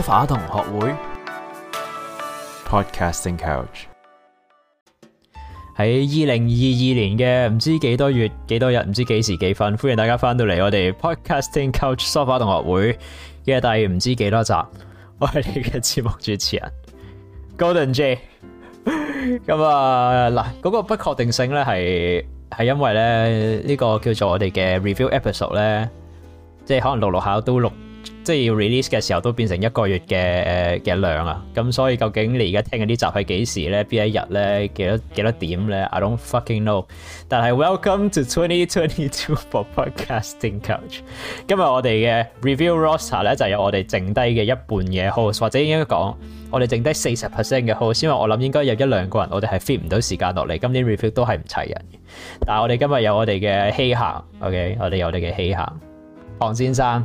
sofa 同學會 podcasting couch，喺二零二二年嘅唔知幾多月幾多日，唔知幾時幾分，歡迎大家翻到嚟我哋 podcasting couch sofa 同學會嘅第唔知幾多集，我係你嘅節目主持人 Golden J。咁啊，嗱，嗰個不確定性咧係係因為咧，呢個叫做我哋嘅 review episode 咧，即係可能六六考都錄。即係要 release 嘅時候都變成一個月嘅嘅、呃、量啊！咁所以究竟你而家聽緊啲集係幾時咧？邊一日咧？幾多幾多點咧？I don't fucking know 但。但係 Welcome to 2022 Podcasting Couch。今日我哋嘅 review roster 咧就係、有我哋剩低嘅一半嘅 host，或者應該講我哋剩低四十 percent 嘅 host，因為我諗應該有一兩個人我哋係 fit 唔到時間落嚟。今年 review 都係唔齊人，但係我哋今日有我哋嘅稀客，OK？我哋有我哋嘅稀客，黃先生。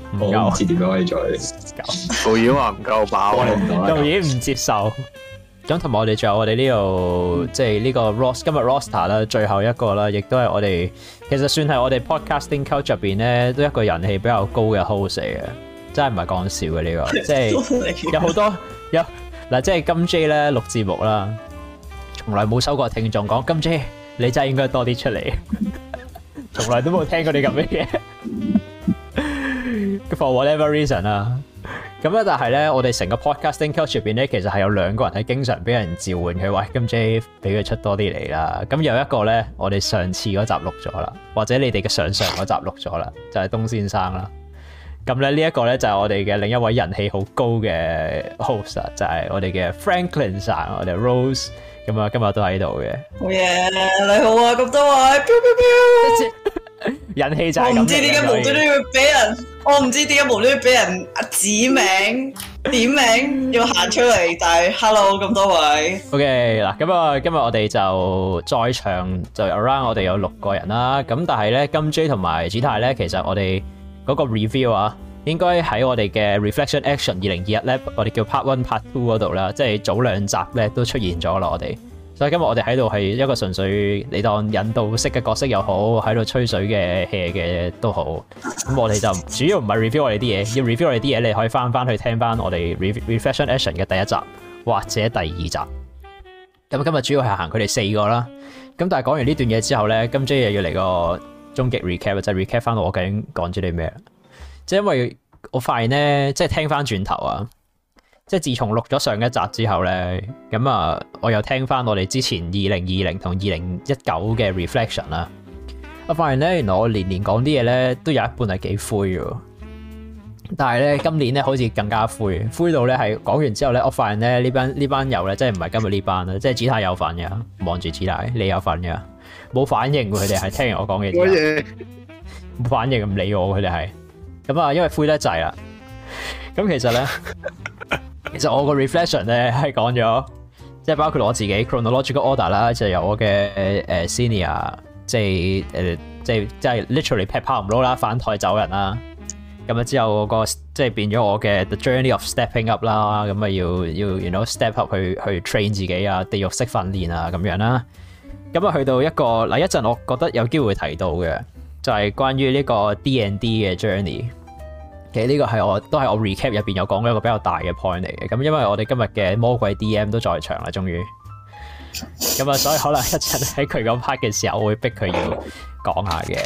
有，至點解可以再搞？導演話唔夠飽，導演唔接受。咁同埋我哋仲有我哋呢度，即係呢個 roast 今日 roster 啦，最後一個啦，亦都係我哋其實算係我哋 podcasting couch 入邊咧，都一個人氣比較高嘅 host 嚟嘅，真係唔係講笑嘅呢個，即係有好多有嗱，即係金 J 咧錄節目啦，從來冇收過聽眾講金 J，你真係應該多啲出嚟，從來都冇聽過你咁嘅嘢。for whatever reason 啦、啊，咁 咧，但係咧，我哋成個 podcasting culture 入邊咧，其實係有兩個人係經常俾人召喚佢喂，咁 Jay 俾佢出多啲嚟啦。咁有一個咧，我哋上次嗰集錄咗啦，或者你哋嘅上上嗰集錄咗啦，就係、是、東先生啦。咁咧呢一、這個咧就係、是、我哋嘅另一位人氣好高嘅 host 啊，就係、是、我哋嘅 Franklin san 我哋 Rose，咁啊今日都喺度嘅。好嘢，你好啊，咁多位、啊！ 人氣就係咁，我唔知點解無端端要俾人，我唔知點解無端端俾人指名點名要行出嚟，但係，Hello 咁多位。OK 嗱，咁啊今日我哋就在場就 around 我哋有六個人啦，咁但係咧金 J 同埋 Gtai 咧，其實我哋嗰個 review 啊，應該喺我哋嘅 Reflection Action 二零二一咧，我哋叫 Part One Part Two 嗰度啦，即係早兩集咧都出現咗啦，我哋。所以今日我哋喺度係一個純粹你當引導式嘅角色又好，喺度吹水嘅戲嘅都好。咁我哋就主要唔係 review 我哋啲嘢，要 review 我哋啲嘢，你可以翻翻去聽翻我哋 re, Reflection Action 嘅第一集或者第二集。咁今日主要係行佢哋四個啦。咁但係講完呢段嘢之後咧，今朝又要嚟個終極 recap，就係 recap 翻到我究竟講咗啲咩？即係因為我發現咧，即係聽翻轉頭啊。即係自從錄咗上一集之後咧，咁啊，我又聽翻我哋之前二零二零同二零一九嘅 reflection 啦。我發現咧，原來我年年講啲嘢咧，都有一半係幾灰嘅。但係咧，今年咧，好似更加灰，灰到咧係講完之後咧，我發現咧呢班呢班友咧，真係唔係今日呢班啦，即係子太有份嘅，望住子太，你有份嘅，冇反應佢哋係聽完我講嘅嘢，冇也反應唔理我佢哋係，咁啊，因為灰得滯啦。咁其實咧。 其實我個 reflection 咧，係講咗，即係包括我自己 chronological order 啦，就由我嘅誒 senior，即係誒即係即係 literally pack up 唔到啦，翻台走人啦。咁啊，之後我個即係變咗我嘅 journey of stepping up 啦，咁啊要要完咗 step up 去去 train 自己啊，地獄式訓練啊咁樣啦。咁啊去到一個嗱，一陣，我覺得有機會提到嘅就係關於呢個 D and D 嘅 journey。其實呢個係我都係我 recap 入邊有講過一個比較大嘅 point 嚟嘅，咁因為我哋今日嘅魔鬼 DM 都在場啦，終於，咁啊，所以可能一陣喺佢 part 嘅時候，我會逼佢要講下嘅。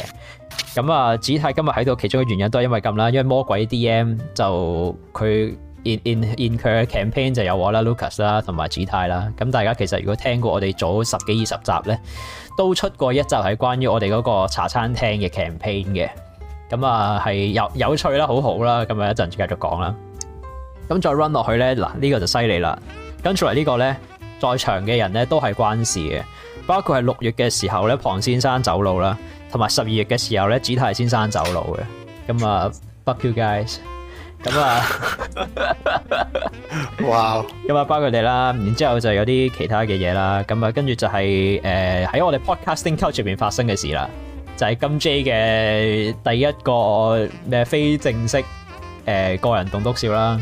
咁啊，紫泰今日喺度，其中嘅原因都係因為咁啦，因為魔鬼 DM 就佢 in 佢嘅 campaign 就有我啦、Lucas 啦、同埋紫泰啦。咁大家其實如果聽過我哋早十幾二十集咧，都出過一集係關於我哋嗰個茶餐廳嘅 campaign 嘅。咁啊，係有有趣啦，好好啦，咁啊一陣繼續講啦。咁再 run 落去咧，嗱、啊、呢、呢個就犀利啦。跟住嚟呢個咧，在場嘅人咧都係關事嘅，包括係六月嘅時候咧龐先生走路啦，同埋十二月嘅時候咧 Gtai 先生走路嘅。咁啊，fuck you guys。咁啊，哇，咁 啊包佢哋啦。然之後就有啲其他嘅嘢啦。咁啊，跟住就係誒喺我哋 podcasting couch 入邊發生嘅事啦。就係金 J 嘅第一個咩非正式誒個人棟篤笑啦，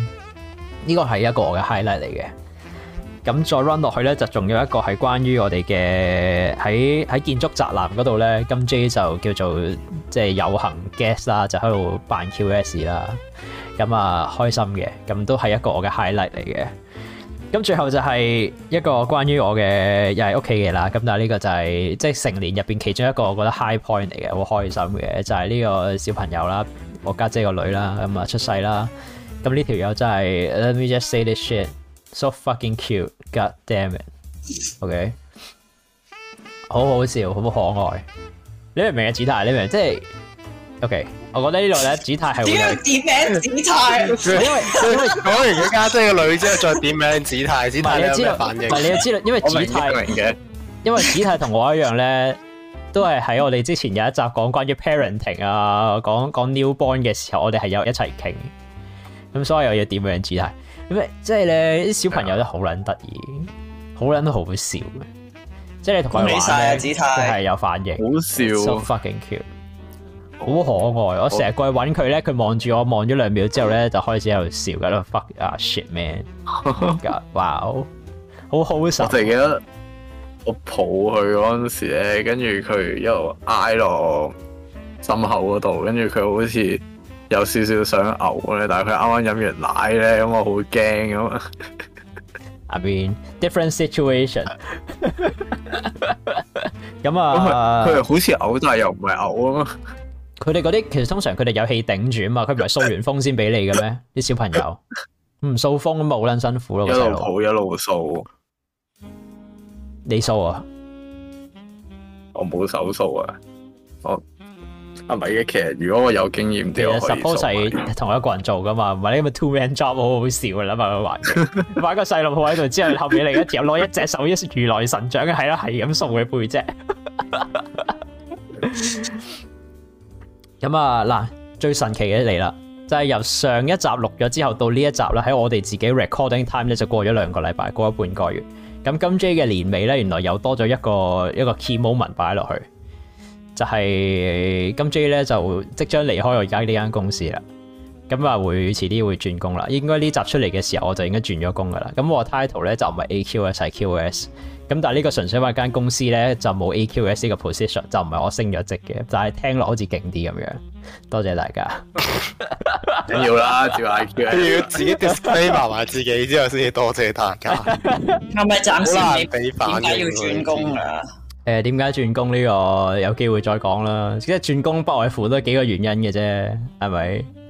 呢個係一個我嘅 highlight 嚟嘅。咁再 run 落去咧，就仲有一個係關於我哋嘅喺喺建築宅男嗰度咧，金 J 就叫做即係有幸 guest 啦，就喺度扮 QS 啦，咁啊開心嘅，咁都係一個我嘅 highlight 嚟嘅。咁最後就係一個關於我嘅又係屋企嘅啦，咁但係呢個就係、係、即、就係、成年入面其中一個我覺得 high point 嚟嘅，好開心嘅就係、係、呢個小朋友啦，我家姐，姐個女、嗯、個女啦、就係，咁啊出世啦，咁呢條友真係 let me just say this shit so fucking cute god damn it okay，好好笑，好可愛，你明唔明嘅姿態？你明白即係。O、okay, K，我覺得呢度咧，G 太係點樣點名 G 太？ 因為講完佢家姐個女之後，再點名 G 太，G 太知道反應。你要知道，因為 G 太，嘅，因為 G 太同我一樣咧， 都係喺我哋之前有一集講關於 parenting 啊，講講 newborn 嘅時候，我哋係有一齊傾。咁所以我要點名 G 太？咩？即係咧，啲小朋友都好撚得意，好撚的好笑。嘅、就是。即係你同佢玩咧，G 太係有反應，好笑，so fucking cute。好可愛，我成日過去搵佢咧，佢望住我望咗兩秒之後咧，就開始喺度笑嘅啦。 Fuck 啊，uh, shit man！哇，好、wow, 好神啊。我仲記得我抱佢嗰陣時咧，跟住佢一路挨落心口嗰度，跟住佢好似有少少想嘔咧，但係佢啱啱飲完奶咧，咁我好驚咁。 I mean, different situation。 咁啊，佢 好似嘔，但係又唔係嘔啊嘛。佢哋嗰啲其實通常佢哋有氣頂住啊嘛，佢唔係掃完風先俾你嘅咩？啲 小朋友唔掃風咁好撚辛苦咯，啊，一路抱一路掃，你掃啊，啊？我冇手掃啊！我啊係咪嘅，其實如果我有經驗啲，其實、啊、suppose 同我一個人做噶嘛，唔係呢咁 two man job 好好笑啦，埋埋埋，買 個細路鋪喺度，之後後邊另一條攞一隻手，一隻如來神掌，係、就、啦、是，係咁掃佢背脊。咁啊嗱，最神奇嘅嚟啦，就係、是、由上一集錄咗之後到呢一集啦，喺我哋自己 recording time 咧就過咗兩個禮拜，過咗半個月。咁金 J 嘅年尾咧，原來又多咗一個一個 key moment 擺落去，就係、是、金 J 咧就即將離開我而家呢間公司啦。咁啊，會遲啲會轉工啦。應該呢集出嚟嘅時候，我就應該轉咗工噶啦。咁我 title 咧就唔係 AQS，係 QS 咁，但呢個純粹話間公司咧就冇 AQS 呢個 position，就唔係我升咗職嘅，就係聽落好似勁啲咁樣。多謝大家。梗 要啦， 要自己 display 埋埋自己之後先至多謝大家。係咪暫時你點解 要轉工啊？誒、呃，點解轉工呢、呢個有機會再講啦。即係轉工不外乎都係幾個原因嘅啫，係咪？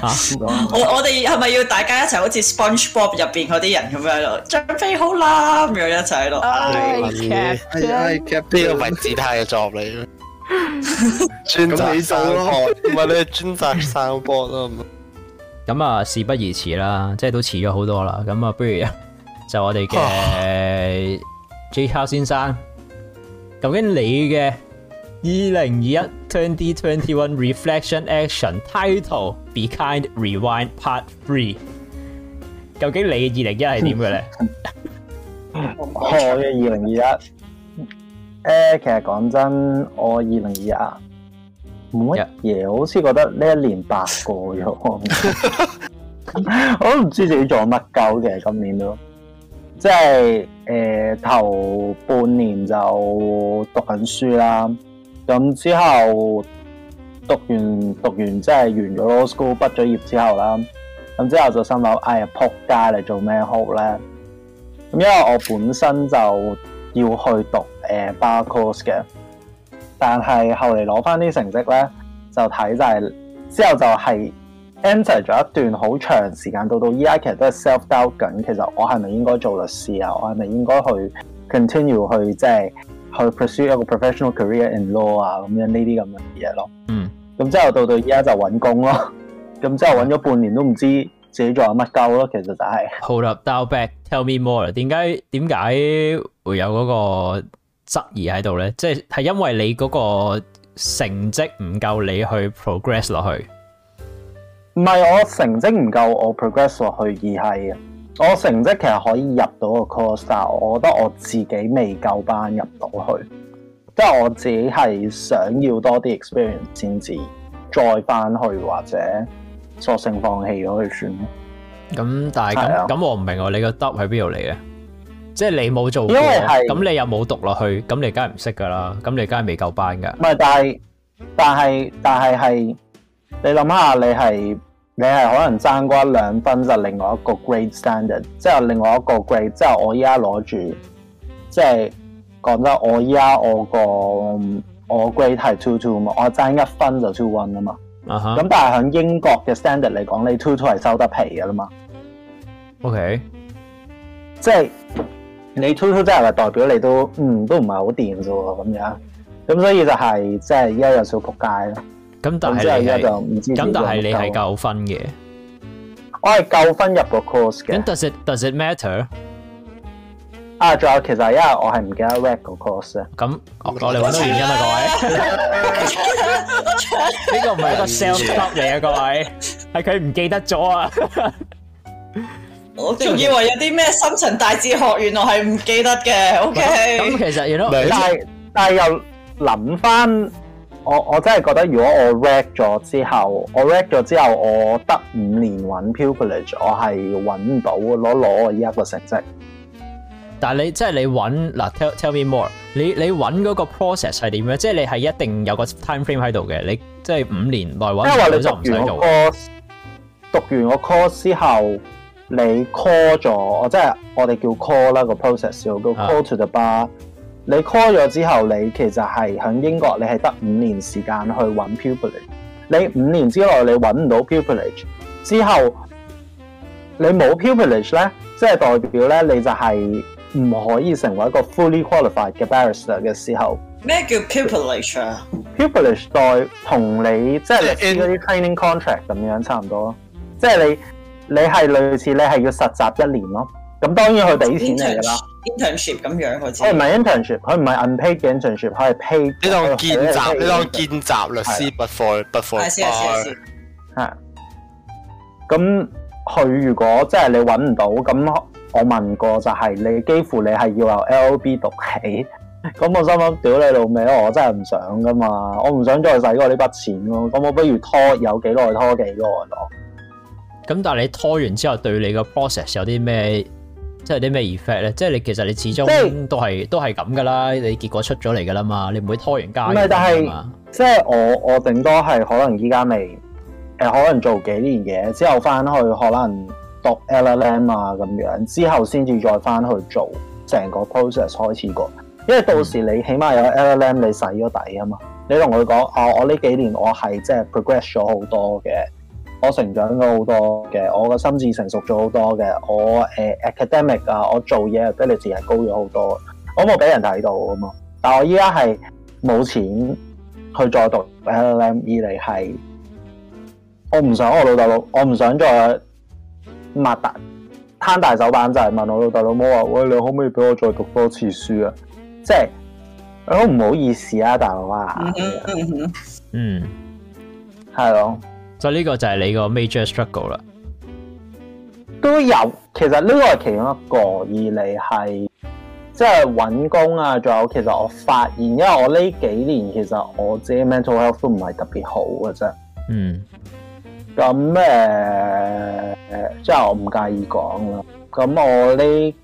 啊、 我我哋係咪要大家一齊好似 SpongeBob 入邊嗰啲人咁樣咯？準備好啦，咁樣一齊咯。係嘅 can、 哎，呢個唔係自拍嘅作業嚟嘅。專責生學，唔係你專責生博啊嘛？咁啊，事不宜遲啦，即係都遲咗好多啦。咁啊，不如就我哋嘅 J Chow 先生， 究竟你嘅？二零二一 Twenty Twenty One Reflection Action Title Be Kind Rewind Part Three，究竟你嘅二零一係點嘅咧？我嘅二零二一，誒、呃，其實講真的，我二零二一啊，冇乜嘢，好似覺得呢一年白過咗， 我都唔知自己做乜鳩嘅今年都，即係誒、呃、頭半年就讀緊書啦。咁之後讀完讀完即係完咗 law school 畢咗業之後啦，咁之後就心諗：哎呀，撲街嚟做咩好咧？咁因為我本身就要去讀誒、呃、bar course 嘅，但係後嚟攞翻啲成績咧，就睇就係、是、之後就係 enter 咗一段好長時間，到到依家其實都係 self doubt 緊。其實我係咪應該做律師啊？我係咪應該去 continue 去即係？就是去 pursue 一個 professional career in law 啊，咁樣呢啲咁嘅嘢咯。嗯，咁之後到到依家就揾工咯。咁之後揾咗半年都唔知自己做乜鳩咯，其實就係、是。Hold up, down back, tell me more 啦。點解點解會有嗰個質疑喺度咧？即係係因為你嗰個成績唔夠你去 progress 落去。唔係我成績唔夠我 progress 落去，而係。我成績其實可以入到個 course 但我覺得我自己未夠班入到去，即係我自己係想要多啲 experience 先至再翻去，或者索性放棄咗去算咯。咁但係咁咁，是的我唔明喎，你個 doubt 喺邊度嚟咧？即係你冇做過，咁你又冇讀落去，咁你梗係唔識噶啦，咁你梗係未夠班噶。唔係，但係但係但係係你諗下，你係。你係可能爭過一兩分就是、另外一個 grade standard，即係另外一個 grade，即係我依家攞住，即係講得我依家我個我 grade 係 two two 嘛，我爭一分就 two one 啦嘛。咁、huh. 但係喺英國嘅 standard 嚟講，你 two two 係收得皮噶啦嘛。OK，即係、就是、你 two two 即係代表你都嗯，都唔係好掂咋喎咁樣，咁所以就係即係依家有少仆街咯。咁但係，就唔知，咁但係你係夠分嘅，我係夠分入個 course 嘅。咁 does it does it matter？啊，仲有其實，因為我係唔記得 reg 個 course 啊。咁我嚟揾到原因啊，各位。呢個唔係個 sales talk 嚟嘅啊，各位，係佢唔記得咗啊。我仲以為有啲咩深層大哲學，原來係唔記得嘅。OK，咁其實，但係但係又諗翻。我我真係覺得，如果我 rank 咗之後，我 rank 咗之後，我得五年揾 pupillage，我係揾唔到攞攞我呢一個成績。但係你即係你揾嗱，tell tell me more。你你揾嗰個 process 係點樣？即係你係一定有個 time frame 喺度嘅。你即係五年內揾，因為你讀完個 course，讀完個 course 之後，你 call 咗，我即係我哋叫 call 啦個 process 叫個 call to the bar。你 call 咗之後你其實係喺英國你係得五年時間去揾 pupilage。你五年之內你揾唔到 pupilage 之後你冇 pupilage 咧，即係代表咧你就係唔可以成為一個 fully qualified 嘅 barrister 嘅時候。咩叫 pupilage 啊？pupilage 代同你即係類似嗰啲 training contract 咁樣差唔多，即係你你係類似你係要實習一年咯。咁當然佢俾錢你啦。internship 咁樣嗰啲，誒唔係、欸、internship，佢唔係 unpaid internship，佢係 pay。呢檔見習，呢檔見習律師不費不費。係，係 but for,，係，係，係。咁佢如果即係你搵唔到，咁我問過就係、是、你幾乎你係要由 LLB 讀起。咁我心諗，屌你老味咯，我真係唔想噶嘛，我唔想再使過呢筆錢咯。咁我不如拖有幾耐拖幾耐咯。咁但係你拖完之後，對你個 process 有啲咩？即係啲咩 effect 咧？即係你其實你始終都係即都係咁噶啦，你結果出咗嚟噶啦嘛，你唔會拖完交但嘛是。吧即係我我頂多係可能依家未誒、呃，可能做幾年嘢之後翻去可能讀 LLM 啊咁樣，之後先至再翻去做成個 process 開始過。因為到時你起碼有 LLM 你洗咗底啊嘛，嗯、你同佢講哦，我呢幾年我係即係 progress 咗好多嘅。我成長咗好多嘅，我個心智成熟咗好多嘅，我 academic、呃、啊，我做嘢 ability 係高咗好多，我冇俾人睇到啊嘛，但係我依家係冇錢去再讀 LLM e 嚟係，我唔想我老豆老，我唔想再擘大攤大手板就係問我老豆老母話，喂，你可唔可以俾我再讀多次書啊？即係好唔好意思啊，大佬啊，嗯，係咯的。嗯是所以呢個就係你個 major struggle 啦，都有。其實呢個係其中一個，二嚟係即係揾工啊，仲有其實我發現，因為我呢幾年其實我自己 mental health 都唔係特別好嘅啫。嗯。咁、呃、誒，即係我唔介意講啦。咁我呢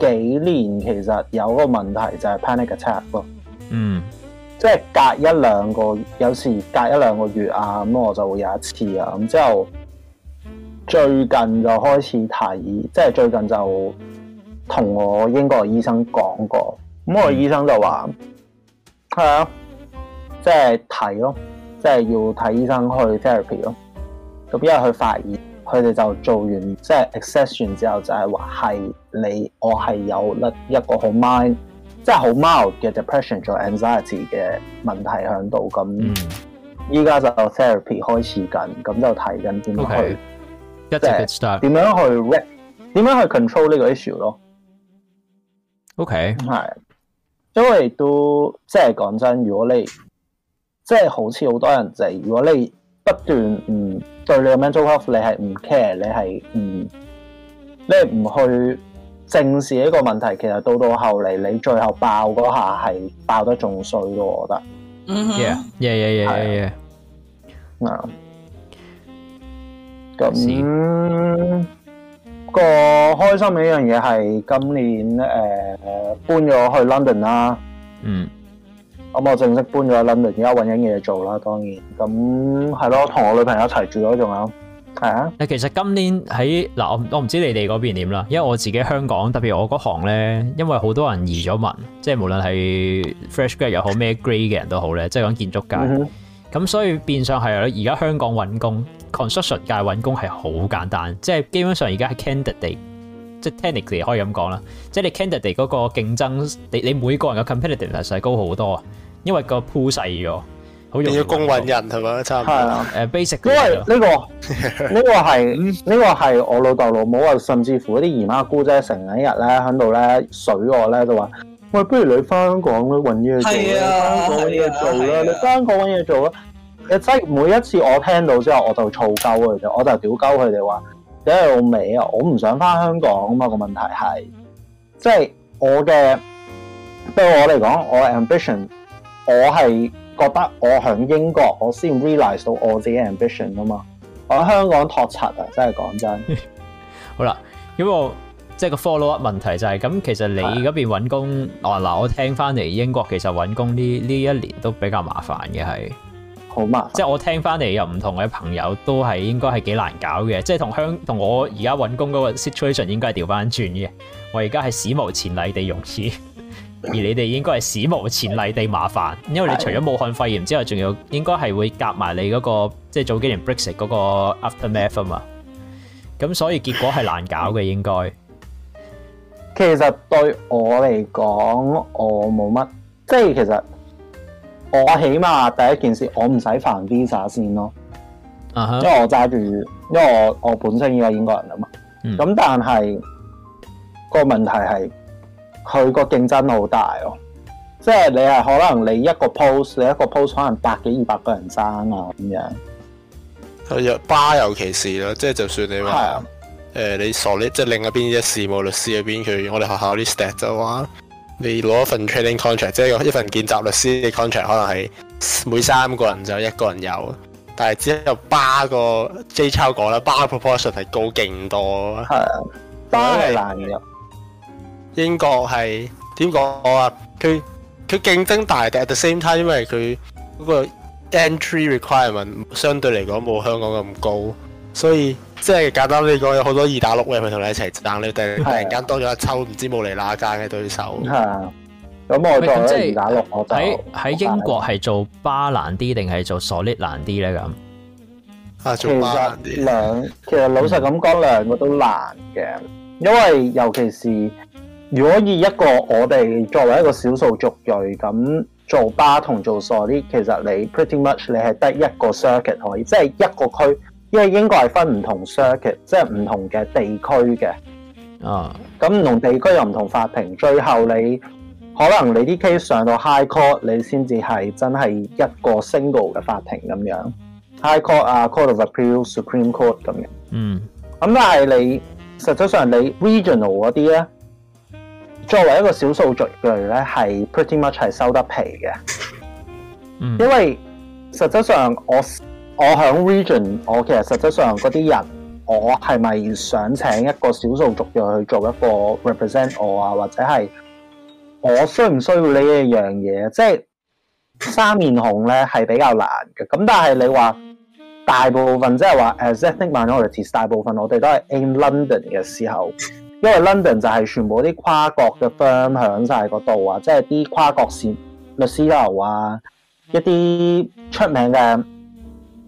幾年其實有個問題就係 panic attack 咯。嗯。即係隔一兩個，有時隔一兩個月啊，咁、嗯、我就會有一次啊。咁之後最近就開始睇，即係最近就同我英國醫生講過。咁我醫生就話，係、嗯、啊，即係睇咯，即係要睇醫生去 therapy 咯。咁因為佢發現，佢哋就做完即係 excession 之後就係話係你我係有甩一個好 mind。即係好 mild 嘅 depression，做 anxiety 嘅問題喺度。咁依家就 therapy 開始緊，咁就睇緊點去，即係點樣去 rap，點樣去 control 呢個 issue 咯。OK，係，因為都即係講真，如果你即係好似好多人就係，如果你不斷唔對你嘅 mental health，你係唔 care，你係唔，你係唔去。正視呢個問題，其實到到後嚟，你最後爆嗰下係爆得仲衰嘅，我覺得。嗯哼、mm hmm.，yeah yeah yeah yeah，嗯嗯、咁個開心嘅一樣嘢係今年嗯、呃、搬咗去 London 啦。Mm. 嗯，咁我正式搬咗去 London，而家揾緊嘢做啦。當然，咁係囉，同我女朋友一齊住囉，仲嗯係啊，其實今年喺嗱，我我唔知你哋嗰邊點啦，因為我自己香港特別我嗰行咧，因為好多人移咗民，即係無論係 fresh grad 又好咩 grad 嘅人都好咧，即係講建築界，咁、嗯、哼所以變相係而家香港揾工 construction 界揾工係好簡單，即係基本上而家係 candidate，即係 technically 可以咁講啦，即係你 candidate 嗰個競爭，你你每個人嘅 competitive 係高好多啊，因為個鋪細咗。好重要，供揾人係嘛？差唔多。係啊的，誒 basic。因為呢個呢、呢個係呢 個係我老豆老母啊，甚至乎啲姨媽姑姐成日一日咧喺度咧水我咧，就話：喂，不如你翻香港揾嘢做啦，香港揾嘢做啦，你翻香港揾嘢做啦。誒、啊，即係每一次我聽到之後，我就燥鳩佢哋，我就屌鳩佢哋話： 你係老味啊，我唔想翻香港啊嘛。個問題係，即、就、係、是、我嘅對我嚟講，我 ambition，我係。覺得我喺英國，我先 realize 到我自己 ambition 啊嘛！我喺香港托柒啊，真係講真。 好啦，咁我即係個 follow up 問題就係、是、咁，其實你嗰邊揾工的啊嗱，我聽翻嚟英國其實揾工呢呢一年都比較麻煩嘅，係好麻煩。即係我聽翻嚟又唔同嘅朋友都係應該係幾難搞嘅，即係同香同我而家揾工嗰個 situation 應該係調翻轉嘅。我而家係史無前例地容易。而你哋應該係史無前例地麻煩，因為你除咗武漢肺炎之後，仲有應該係會夾埋你嗰、嗰個即係早幾年 Brexit 嗰個 Aftermath 啊嘛。咁所以結果係難搞嘅，應該。其實對我嚟講，我冇乜，即係其實我起碼第一件事，我唔使煩 Visa 先咯、uh huh. 因。因為我揸住，因為我我本身已經英國人啦嘛。咁、嗯、但係、嗰個問題係。佢個競爭好大咯、哦，即係你係可能你一個 post，你一個 post 可能百幾二百個人爭啊咁樣。佢入巴尤其是啦，即係就算你話誒、啊呃、你傻叻，即係另一邊啲事務律師嗰邊佢，我哋學校啲 stats 就話你攞一份 training contract，即係一份見習律師嘅 contract，可能係每三個人就一個人有，但係只有巴個 Jchow 講啦，巴 proportion 係高勁多，係巴係難入。英國係點講啊？佢佢競爭大，但係 at the same time，因為佢嗰個 entry requirement 相對嚟講冇香港咁高，所以即係簡單嚟講，有好多二打六咧，佢同你一齊爭咧。突然間多咗一抽唔知冇嚟喇間嘅對手咁、啊、我再二打六，我喺喺、就是、英國係做巴難啲定係做 solid 難啲咧？咁啊，做巴蘭其實兩其實老實咁講，兩個都難嘅，因為尤其是。如果以一個我哋作為一個少數族裔咁做巴同做傻啲，其實你 pretty much 你係得一個 circuit 可以，即係一個區，因為英國係分唔同 circuit，即係唔同嘅地區嘅。啊，咁唔同地區又唔同法庭，最後你可能你啲 case 上到 high court，你先至係真係一個 single 嘅法庭咁樣。Mm. high court 啊，uh，court of appeal，supreme court 咁樣嗯，咁、mm. 但係你實際上你 regional 嗰啲咧。作為一個少數族裔咧，係 pretty much 係收得皮嘅，mm. 因為實質上我我喺 region，我其實實質上嗰啲人，我係咪想請一個少數族裔去做一個 represent 我啊，或者係我需唔需要呢一樣嘢？即係三面紅咧，係比較難嘅。咁但係你話大部分即係話 ethnic minorities，大部分我哋都係 in London 嘅時候。因為 London 就係全部啲跨國嘅 firm 響晒嗰度啊，即係啲跨國線律師樓啊，一啲出名嘅，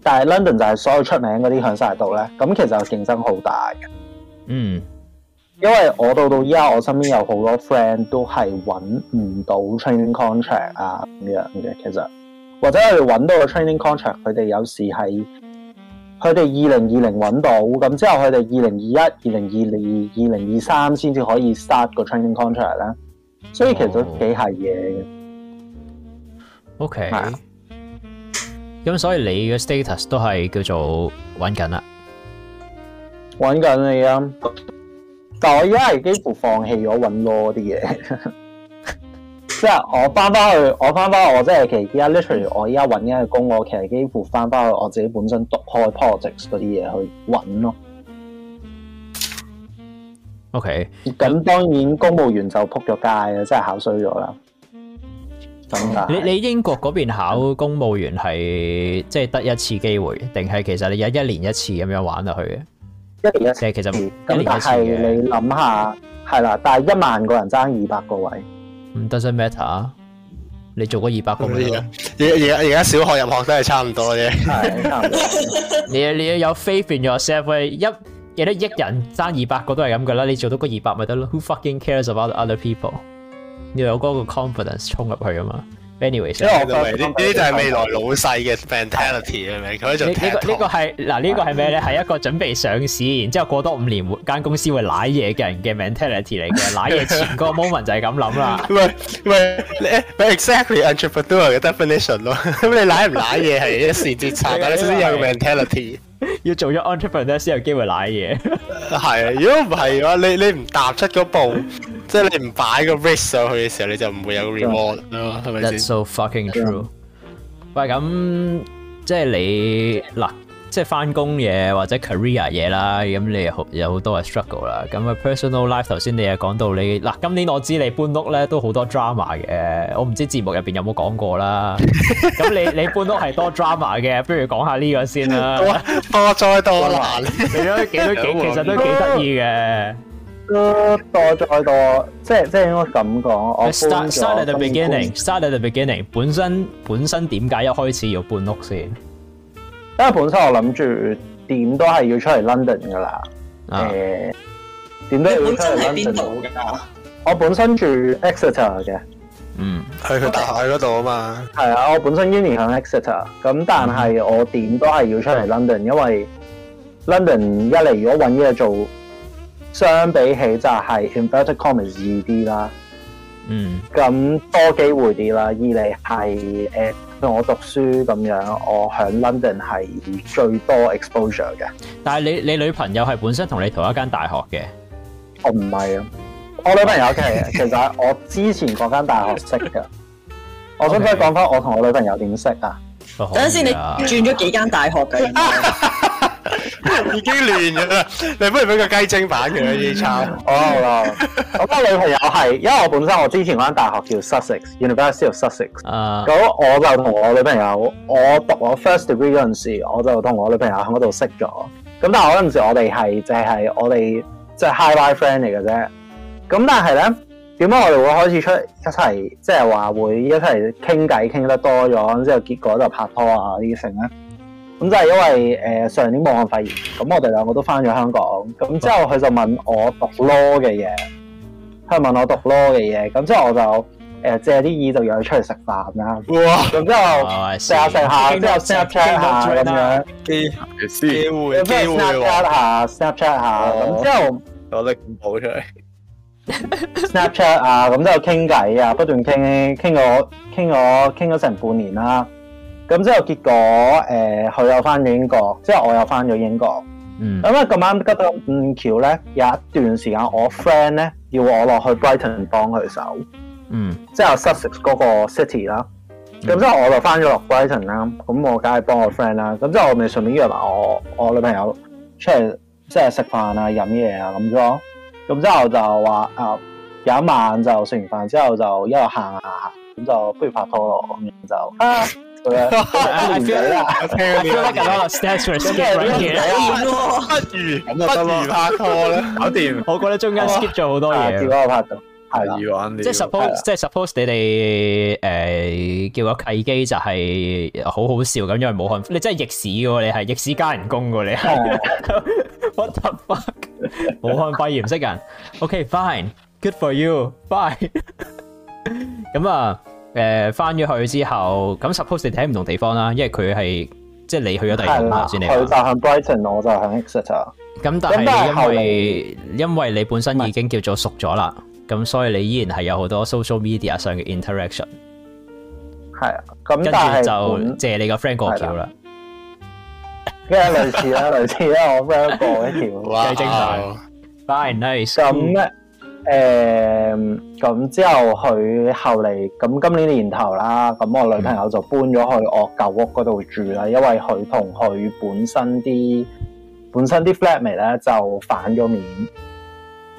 但係 London 就係所有出名嗰啲響晒度咧，咁其實競爭好大嘅。嗯，因為我到到依家，我身邊有好多 friend 都係揾唔到 training contract 啊咁樣嘅，其實或者係揾到個 training contract，佢哋有時係。佢哋二零二零揾到，咁之後佢哋二零二一、二零二二、二零二三先至可以 start 個 training contract 咧，所以其實都幾係嘢嘅。OK，咁所以你嘅 status 都係叫做揾緊啦，揾緊你啊，但我而家係幾乎放棄咗揾 law 啲嘢。 即係我翻翻去，我翻翻我即係其實而家，literally 我依家搵嘅工，我其實幾乎翻翻去我自己本身讀開 projects 嗰啲嘢去搵咯。OK，咁當然公務員就扑咗街啊，嗯、真係考衰咗啦。咁噶你？你是你英國嗰邊考公務員係即係得一次機會，定係其實你一一年一次咁樣玩落去嘅？一年一次，其實咁但係你諗下，係啦，但係一萬個人爭二百個位。唔擔心 matter，你做嗰二百個乜嘢？而而而家小學入學都係差唔多啫，係差唔多。你要你要有 faith in yourself，一幾多億人爭二百個都係咁噶啦，你做到個二百咪得咯？Who fucking cares about other people？你要有嗰個 confidence 衝入去噶嘛？Anyway，因為我覺呢啲就係未來老細嘅 mentality 啊，係咪？佢呢個呢個係嗱呢個係咩咧？係一個準備上市，然之後過多五年間公司會攋嘢嘅人嘅 mentality 嚟嘅，攋嘢前嗰個 moment 就係咁諗啦。喂喂，誒，exactly entrepreneur 嘅 definition 咯，咁你攋唔攋嘢係一線之差，咁你先有個 mentality。要做咗 entrepreneur 先有機會攋嘢。係啊，如果唔係嘅話，你你唔踏出嗰步。即係你唔擺個 risk 上去嘅時候，你就唔會有 reward 啊是？係咪吧 That's so fucking true。Yeah. 喂，咁即係你嗱，即係翻工嘢或者 career 嘢啦，咁你又好有好多係 struggle 啦。咁啊，personal life 頭先你又講到你嗱，今年我知你搬屋咧都好多 drama 嘅，我唔知節目入邊有冇講過啦。咁 你你搬屋係多 drama 嘅，不如講下呢個先啦。多再多啦你幾多幾，其實都幾得意嘅。Oh. 多再多，多，多，即係即係應該咁講。我 start at the beginning，start at the beginning, the beginning 本。本身本身點解一開始要搬屋先？因為本身我諗住點都係要出嚟 London 噶啦。誒，點都要出嚟 London。我本身住 Exeter 嘅。嗯，去佢大學嗰度啊嘛。係啊，我本身 Uni 響 Exeter，咁但係我點都係要出嚟 London，的因為 London 一嚟如果搵嘢做。相比起就係 investment commerce 易啲啦，嗯，咁多機會啲啦。二嚟係誒，欸、我讀書咁樣，我喺 London 係最多 exposure 嘅。但係你你女朋友係本身同你同一間大學嘅？我唔係啊，我女朋友、OK、其實係我之前嗰間大學識嘅。 我想唔想講返我同我女朋友點識啊？等陣先，你轉咗幾間大學嘅？ 啊 已經亂咗啦， 你不如俾個雞精版佢呢啲炒 好啦。哦，我個女朋友係，因為我本身我之前嗰間大學叫 Sussex University of Sussex，咁、uh. 我就同我女朋友，我讀我 first degree 嗰陣時候，我就同我女朋友喺嗰度識咗。咁但係嗰陣時我哋係淨係我哋即係 high five friend 嚟嘅啫。咁但係咧，點解我哋會開始出一齊，即係話會一齊傾偈傾得多咗之後，結果就拍拖啊這些呢啲成咧？咁就係因為誒、呃、上年武漢肺炎，咁我哋兩個都翻咗香港，咁之後佢就問我讀 law 嘅嘢，佢問我讀 law 嘅嘢，咁之後我就誒、呃、借啲意，就約佢出嚟食飯啦，咁之後食下食下，到之後 send 下 send 下咁樣，機樣機，機會一下機會 s n a p c h a Snapchat 下，咁、啊、之後我拎本簿出嚟，Snapchat 啊，咁之後傾偈啊，不斷傾傾我傾我傾咗成半年啦。咁之後結果，誒、呃，佢又翻咗英國，即係我又翻咗英國。咁啊、嗯，咁啱嗰度劍橋咧，有一段時間我 friend 咧要我落去 Brighton 幫佢手。嗯。即係 Sussex 嗰個 city 啦。咁、嗯、之後我就翻咗落 Brighton 啦。咁我梗係幫我 friend 啦。咁之後我咪順便約埋我我女朋友出嚟，即係食飯啊、飲嘢啊，咁咗咁之後就話啊、呃，有一晚就食完飯之後就一路行行行，咁就不如拍拖咯。咁就。 我聽咗嘅啦，stand for skip friend，不如咁就得咯，拍拖咧，搞掂。我覺得中間 skip 咗好多嘢。叫我拍檔，係預玩。即係 suppose，即係 suppose 你哋誒，叫個契機就係好好笑咁樣。因為武漢，你真係逆市噶，你係逆市加人工噶你。What the fuck？武漢肺炎唔識人？OK，fine，good for you，fine。咁啊。誒，翻咗去之後，咁 suppose 你喺唔同地方啦，因為佢係即係你去咗第二個地方啦，先嚟。我但係 Brighton，我就喺 Exeter。咁但係因為因為你本身已經叫做熟咗啦，咁是所以你依然係有好多 social media 上嘅 interaction。係啊，咁跟住就借你個 friend 過橋啦。跟住類似啦，類似啦， 我 friend 過一條。哇！真係 nice。誒咁、um, 之後,後來，佢後嚟咁今年年頭啦，咁我女朋友就搬咗去我舊屋嗰度住啦，因為佢同佢本身啲本身啲 flatmate 咧就反咗面。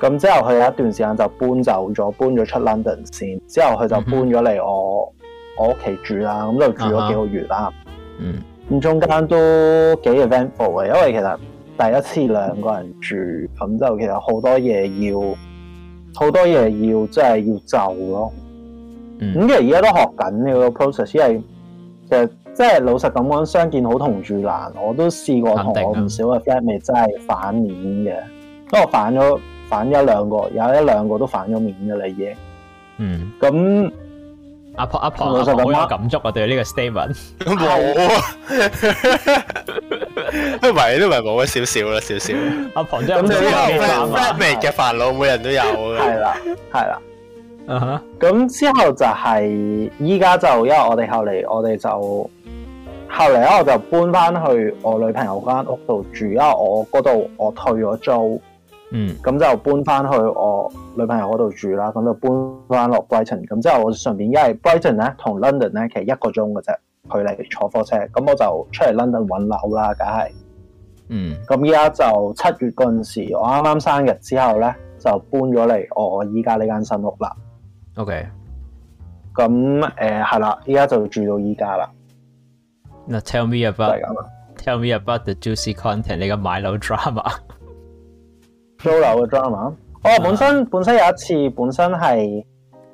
咁之後佢有一段時間就搬走咗，搬咗出 London 先。之後佢就搬咗嚟我 我屋企住啦，咁就住咗幾個月啦。嗯、uh，咁、huh. 中間都幾 eventful 嘅，因為其實第一次兩個人住，咁就其實好多嘢要。好多嘢要即係要就咯，咁、嗯、其實而家都在學緊呢個 process，因為就、真係老實咁講，相見好同住難。我都試過同我唔少嘅 friend 咪真係反面嘅，不過反咗反咗兩個，有一兩個都反咗面嘅喇已經。嗯，咁。阿婆阿婆有冇有感觸啊？對呢個 statement 冇啊，都唔係都唔係冇咗少少啦，少少。小小 阿婆即係咁多嘅煩惱，每人都有嘅、啊。係啦吧，係啦。咁之後就係依家就因為我哋後嚟，我哋就後嚟咧，我就搬翻去我女朋友間屋度住，因為我嗰度我退咗租。嗯，咁、mm. 就搬翻去我女朋友嗰度住啦，咁就搬翻落 Brighton，咁之後我順便，因為 Brighton 咧同 London 咧其實一個鐘嘅啫距離坐火車，咁我就出嚟 London 搵樓啦，梗係，嗯，咁依家就七月嗰陣時，我啱啱生日之後咧，就搬咗嚟我依家呢間新屋啦。OK，咁誒係啦，依、呃、家就住到依家啦。嗱，Tell me about，Tell me about the juicy content 你嘅買樓 drama。租樓嘅 drama？我本身本身有一次本身係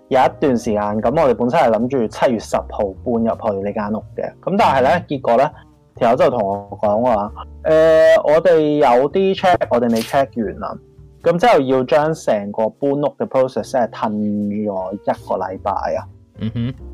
有一段時間咁，我哋本身係諗住七月十號搬入去間呢間屋嘅。咁但係咧，結果咧，條、這、友、個、就同我講話，誒、呃，我哋有啲 check，我哋未 check 完啦。咁之後要將成個搬屋嘅 process 咧，係褪咗一個禮拜啊。嗯哼、mm。Hmm.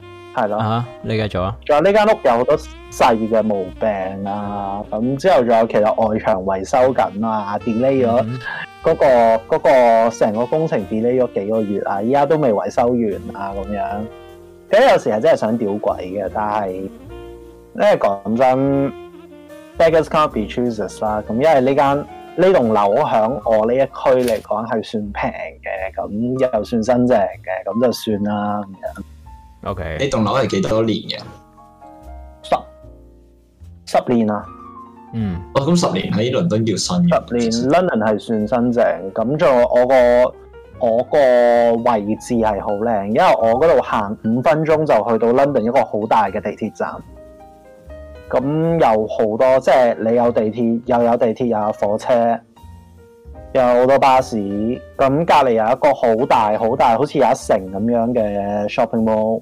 係咯，呢間做啊？仲、uh huh, 有呢間屋有好多細嘅毛病啊，咁之後仲有其實外牆維修緊啊，delay 咗嗰個、mm hmm. 嗰個成、嗰個、個工程 delay 咗幾個月啊，依家都未維修完啊，咁樣，其實有時係真係想屌鬼嘅，但係，咧講真，beggars cannot be choosers 啦，咁因為呢間呢棟樓響我呢一區嚟講係算平嘅，咁又算新淨嘅，咁就算啦。OK，呢棟樓係幾多年嘅？十年、嗯哦、十年啊！嗯，哦，咁十年喺倫敦叫新十年，London 係算新淨，咁就我個我個位置係好靚，因為我嗰度行五分鐘就去到 London 一個好大嘅地鐵站。咁有好多，即係你有地鐵，又有地鐵，又有火車，又有好多巴士。咁隔離有一個好大好大，好似有一城咁樣嘅 shopping mall。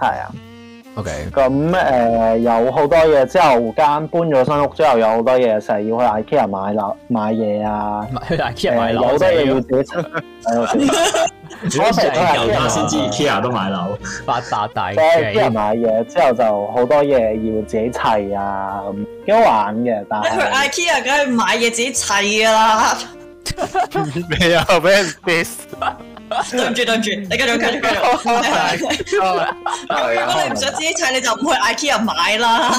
係啊，OK。咁、呃、誒有好多嘢，之後間搬咗新屋之後有好多嘢，成日要去 IKEA 買樓買嘢啊，去 IKEA 買樓好、呃、多嘢要自己出。我成日都係先知 IKEA 都買樓，對對八百大幾啊，買嘢之後就好多嘢要自己砌啊，幾好玩嘅。但係去 IKEA 梗係買嘢自己砌㗎啦。咩啊？咩事？對唔住對唔住，你繼續繼續繼續。如果你唔想自己砌，你就唔去 IKEA 買啦。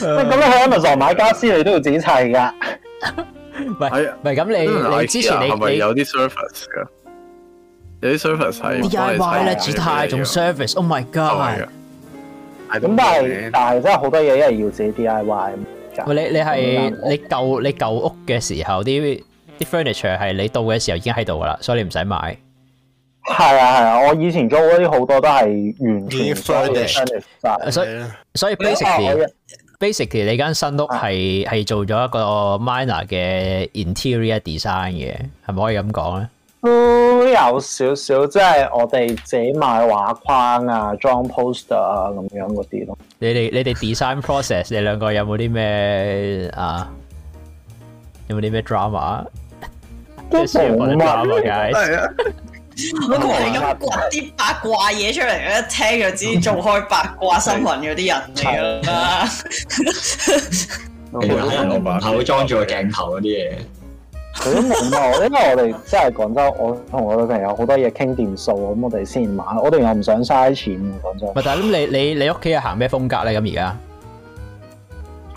咁你喺 Amazon 買傢俬，你都要自己砌噶。唔係唔係咁，你你之前你你有啲 service 噶，有啲 service 砌。D I Y 咧只太重 service。Oh my god！咁但係但係真係好多嘢，一係要自己 D I Y。喂，你你係你舊你舊屋嘅時候啲？啲 furniture 係你到嘅時候已經喺度噶啦，所以你唔使買。係啊，係啊，我以前租嗰啲好多都係完全 furnished 所以所以 basically，basically 你間新屋係係做咗一個 minor 嘅 interior design 嘅，係咪可以咁講咧？都，嗯，有少少，即係我哋自己買畫框啊，裝 poster 啊咁樣嗰啲咯。你哋你哋 design process， 你兩個有冇啲咩啊？有冇啲咩 drama？都冇嘛，係啊！我佢係咁掘啲八卦嘢出嚟，一聽就知 就做開八卦新聞嗰啲人嚟、㗎、啦。其實喺門口裝住個鏡頭嗰啲嘢，我都冇啊，因為我哋即係廣州，我同我女朋友好多嘢傾掂數，咁我哋先玩，我哋又唔想嘥錢。廣州，咪但係咁，你你你屋企係行咩風格咧？咁而家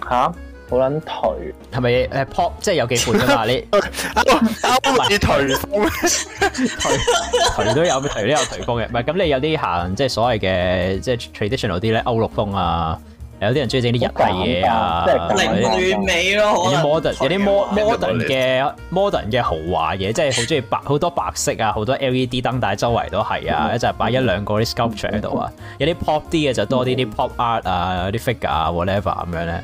吓？好撚頹，係咪誒 pop？即係有幾款㗎嘛？你啲，歐式頹，頹頹都有，頹都有頹風嘅。唔係咁，你有啲行即係所謂嘅即係 traditional 啲咧歐陸風啊，有啲人中意整啲日式嘢啊，即係靈美咯。有啲 modern，有啲 modern 嘅 modern 嘅豪華嘢，即係好中意白好多白色啊，好多 LED 燈帶周圍都係啊，一就係擺一兩個啲 sculpture 喺度啊，有啲 pop 啲嘅就多啲啲 pop art 啊，啲 figure 啊 whatever 咁樣咧。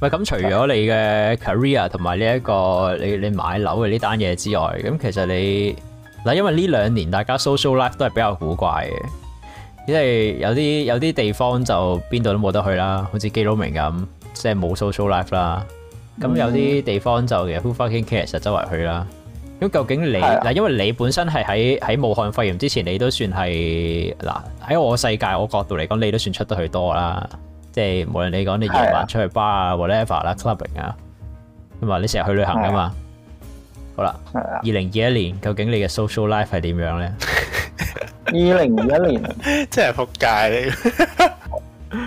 喂，咁除咗你嘅 career 同埋呢一個你你買樓嘅呢單嘢之外，咁其實你嗱，因為呢兩年大家 social life 都係比較古怪嘅，因為有啲有啲地方就邊度都冇得去啦，好似基佬明咁，即係冇 social life 啦。咁有啲地方就其實 who fucking cares 周圍去啦。咁究竟你嗱，的因為你本身係喺喺武漢肺炎之前，你都算係嗱喺我世界我角度嚟講，你都算出得去多啦。即係無論你講你夜晚出去的 bar 啊，whatever 啦 club 啊，咁啊你成日去旅行噶嘛？的好啦了，二零二一年究竟你嘅 social life 係點樣咧？ 二零二一年即係撲街嚟！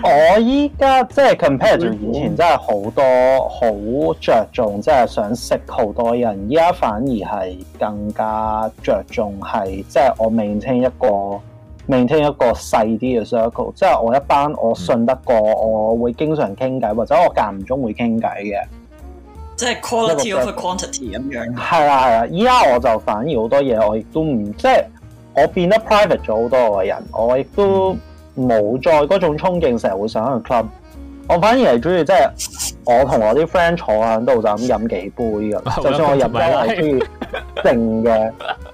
我依家即係 compare 住以前真的很，真係好多好着重，即、就、係、是、想識好多人。依家反而係更加着重係，即、就、係、是、我 maintain 一個。maintain 一個細啲嘅 circle，即係我一班我信得過，嗯、我會經常傾偈，或者我間唔中會傾偈嘅。即係 quality over quantity 咁樣。係啦係啦，依家我就反而好多嘢，我亦都唔即係我變得 private 咗好多個人，我亦都冇再嗰種衝勁，成日會上去 club。我反而係中意即係我同我啲 friend 坐喺度就咁飲幾杯嘅， 就算我入嚟都係中意靜嘅。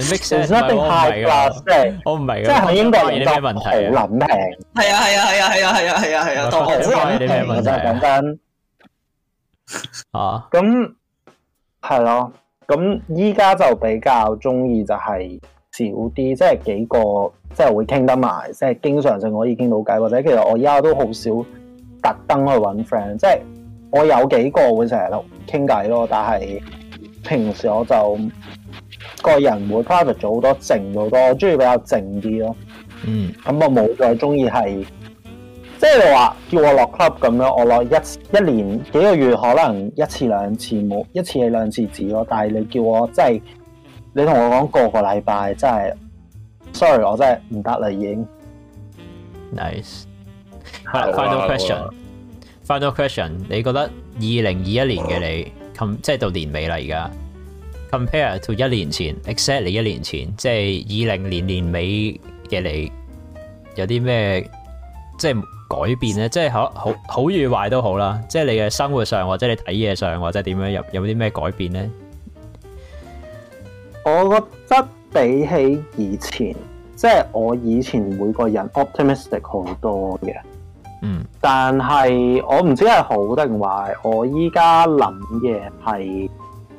mixing 一定差啦，不是不是即係我唔明，即係喺英國諗啲咩問題，啊，諗平，係啊係啊係啊係啊係啊係啊，同、啊啊啊啊啊啊、我諗啲咩問題真係咁樣啊？咁係咯，咁依家就比較中意就係少啲，即、就、係、是、幾個即係、就是、會傾得埋，即、就、係、是、經常性可以傾到偈，或者其實我依家都好少特登去揾 friend，即係我有幾個會成日傾偈咯，但係平時我就。個人會反而做好多靜好多，我中意比較靜啲咯。嗯，咁我冇再中意係，即係話叫我落 club 咁樣，我落一一年幾個月可能一次兩次冇一次係兩次止咯。但係你叫我即係，你同我講個個禮拜真係，sorry，我真係唔得喇已經。Nice。Final question。Final question，你覺得二零二一年嘅你，咁即係到年尾喇而家？compare to 一年前，except 你一年前，即係二零年年尾嘅你，有啲咩即係改變咧？即係好好好與壞都好啦。即係你嘅生活上，或者你睇嘢上，或者點樣有有啲咩改變咧？我覺得比起以前，即係我以前每個人 optimistic 好多嘅。嗯。但係我唔知係好定壞。我依家諗嘅係。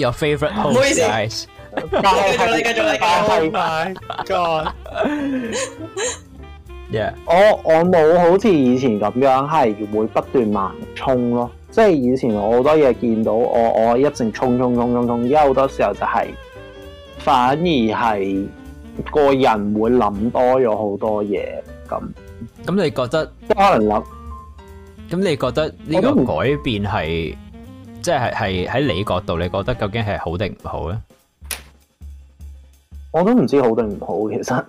Your favourite host？唔好意思，繼續嚟，繼續嚟，係唔係？God，yeah，我我冇好似以前咁樣係會不斷盲衝咯，即係以前我好多嘢見到我，我一直衝衝衝衝衝。而家好多時候就係反而係個人會諗多咗好多嘢咁。咁你覺得即可能諗？咁你覺得呢個改變係？我也即係係喺你角度，你覺得究竟係好定唔好咧？我都唔知好定唔好，其實。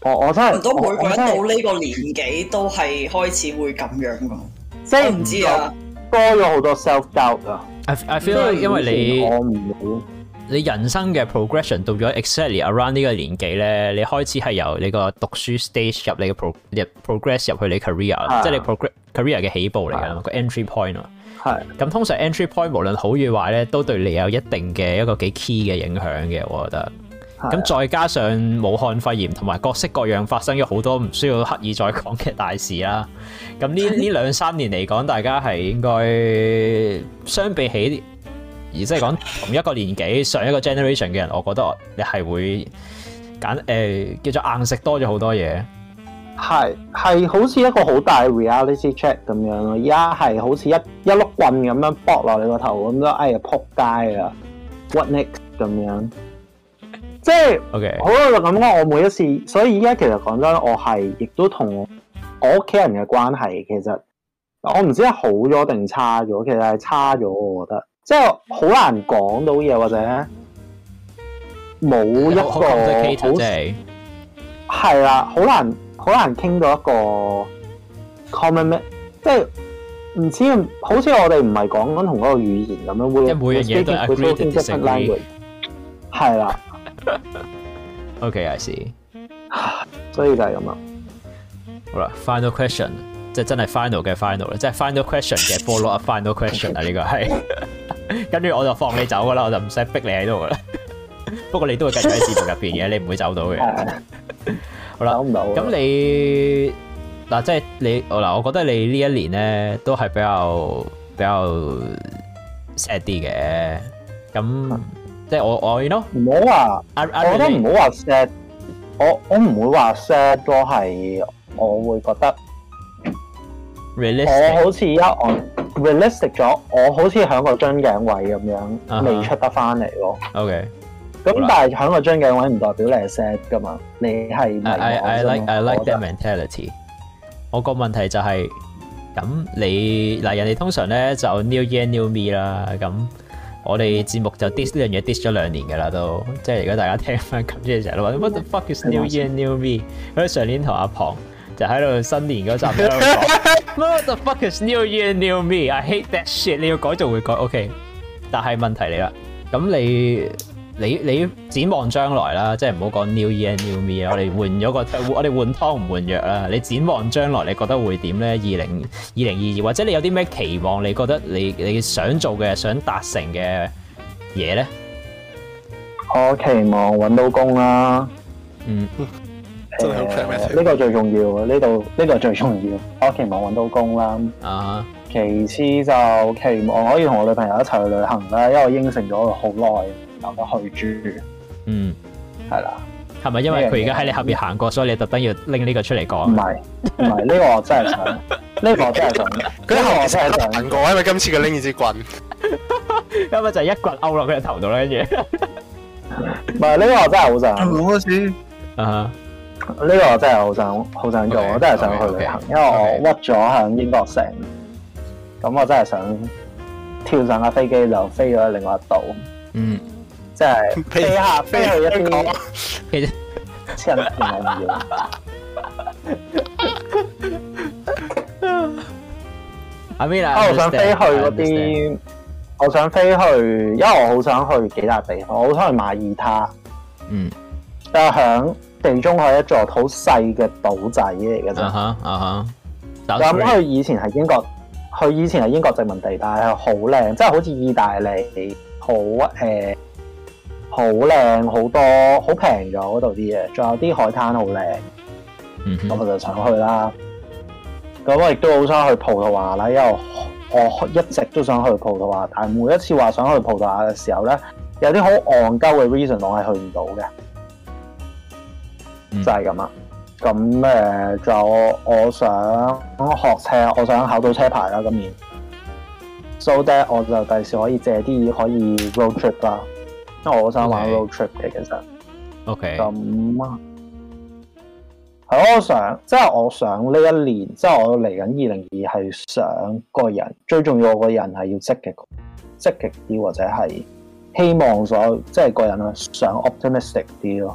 我我真係都每個人到呢個年紀都係開始會咁樣噶，即係唔知啊，多咗好多 self doubt 啊！I I feel like，因為你我唔好。你人生嘅 progression 到咗 exactly around 呢個年紀咧，你開始係由你個讀書 stage 入你嘅 pro 入 progress 入去你 career，Yeah. 即係你 career 嘅起步嚟㗎個 entry point。係咁 Yeah. 通常 entry point 無論好與壞咧，都對你有一定嘅一個幾 key 嘅影響嘅，我覺得。咁 Yeah. 再加上武漢肺炎同埋各式各樣發生咗好多唔需要刻意再講嘅大事啦。咁呢呢兩三年嚟講，大家係應該相比起。而即係講同一個年紀上一個 generation 嘅人，我覺得你係會揀誒、呃、叫做硬食多咗好多嘢，係係好似一個大的好大嘅 reality check 咁樣咯，而家係好似一一碌棍咁樣撲落你個頭咁都，哎呀僕街啊，what next 咁樣，即係，OK，好啦就咁啦我每一次，所以而家其實講真，我係亦都同我屋企人嘅關係，其實我唔知係好咗定差咗，其實係差咗，我覺得。即係好難講到嘢，或者冇一個好係啦，好 難好難傾到一個 common man, 即係唔知，好似我哋唔係講緊同嗰個語言咁樣，即係每樣嘢都係 agreeing different language，係啦。Okay，I see。所以就係咁啦。好啦，final question。即係真係 final 嘅 final 咧，即係 final question 嘅 follow up final question 啊！呢 個係，跟住我就放你走噶啦，我就唔使逼你喺度啦。不過你都會繼續喺節目入邊嘅， 你唔會走到嘅。的 好啦，咁你嗱，即係你我嗱，我覺得你呢一年咧都係比較比較 sad 啲嘅。咁、嗯、即係我我，你唔好話，我覺得唔好話 sad，我我唔會話 sad 咯，係我會覺得。我好似而家我 realistic 咗，我好似喺個樽頸位咁樣，未出得翻嚟咯。OK，咁但係喺個樽頸位唔代表你 set 噶嘛，你係 I like, I like that mentality？我個問題就係咁你嗱，人哋通常咧就 new year new me 啦，咁我哋節目就 dis 呢樣嘢 dis 咗兩年噶啦，都即係如果大家聽翻今朝嘅時候，what the fuck is new year new me？佢喺上年同阿龐。就喺度新年嗰集 What the fuck is new year, new me? I hate that shit。你要改就會改，OK。但係問題嚟啦，咁你你你展望將來啦，即係唔好講 new year, new me 啊，我哋換咗個我哋換湯唔換藥啦。你展望將來，new year, new me, 你，將來你覺得會點咧？二零二零二二，或者你有啲咩期望？你覺得你你想做嘅、想達成嘅嘢咧？我期望搵到工啦。嗯。呢個最重要，呢度呢個最重要。我期望揾到工啦，其次就期望可以同我女朋友一齊去旅行啦，因為我應承咗好耐，諗得去住。嗯，係啦。係咪因為佢而家喺你後邊行過，所以你特登要拎呢個出嚟講？唔係，唔係呢個我真係想，呢個我真係想。佢後生係行過，因為今次佢拎住支棍，咁咪就係一棍勾落佢嘅頭度啦。跟住，唔係呢個我真係好想講多啊。呢個我真係好想好想做，我真係想去旅行，因為我屈咗喺英國城。咁我真係想跳上架飛機，就飛咗另外一度，嗯，即係飛下飛去一啲，千人團我唔要。阿咩啊？我想飛去嗰啲，我想飛去，因為我好想去幾笪地方，我好想去馬爾他，嗯，但係響。地中海一座好細嘅島仔嚟嘅啫，咁佢、uh huh, uh huh. 嗯、以前係英國，佢以前係英國殖民地，但係好靚，即係好似意大利，好誒，好靚好多，好平咗嗰度啲嘢，仲有啲海灘好靚，咁、mm hmm. 我就想去啦。咁我亦都好想去葡萄牙啦，因為我一直都想去葡萄牙，但係每一次話想去葡萄牙嘅時候咧，有啲好戇鳩嘅 reason 我係去唔到嘅。 就係咁啊！咁誒，就我想學車，我想考到車牌啦。今年，so that 我就第時可以借啲可以 road trip 啦，因為我想玩 road trip 嘅 Okay. 其實。OK。咁啊，係我想，即係我想呢一年，即係我嚟緊二零二係想，個人最重要，個人係要積極，積極啲或者係希望所即係個人啊想 optimistic 啲咯。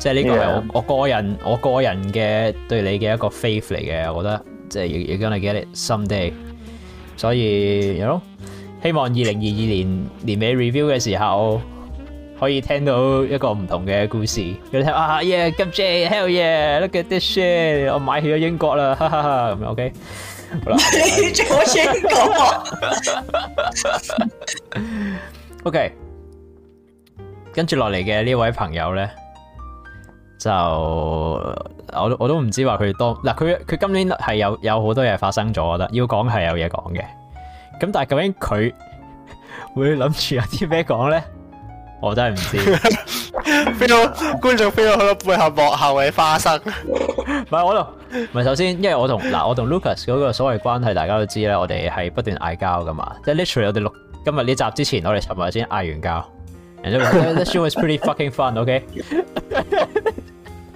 即係呢個係我我個人我個人嘅對你嘅一個 faith 嚟嘅，我覺得即係 you're gonna get it someday。所以咯，希望二零二二年年尾 review 嘅時候，可以聽到一個唔同嘅故事。有啲聽啊，yeah，jump，jay，hell，yeah，look at this shit，我買去咗英國啦，咁樣 OK。你做英國啊？OK，跟住落嚟嘅呢位朋友咧。就我我都唔知話佢當嗱佢佢今年係有有好多嘢發生咗，我覺得要講係有嘢講嘅。咁但係究竟佢會諗住有啲咩講咧？我真係唔知道。飛到 觀眾飛到佢個背後幕後嘅花生。唔係 我度，唔係首先，因為我同嗱我同 Lukas 嗰個所謂關係，大家都知咧，我哋係不斷嗌交噶嘛。即係 literally 我哋錄今日呢集之前，我哋尋日先嗌完交。 and that show was pretty fucking fun, okay?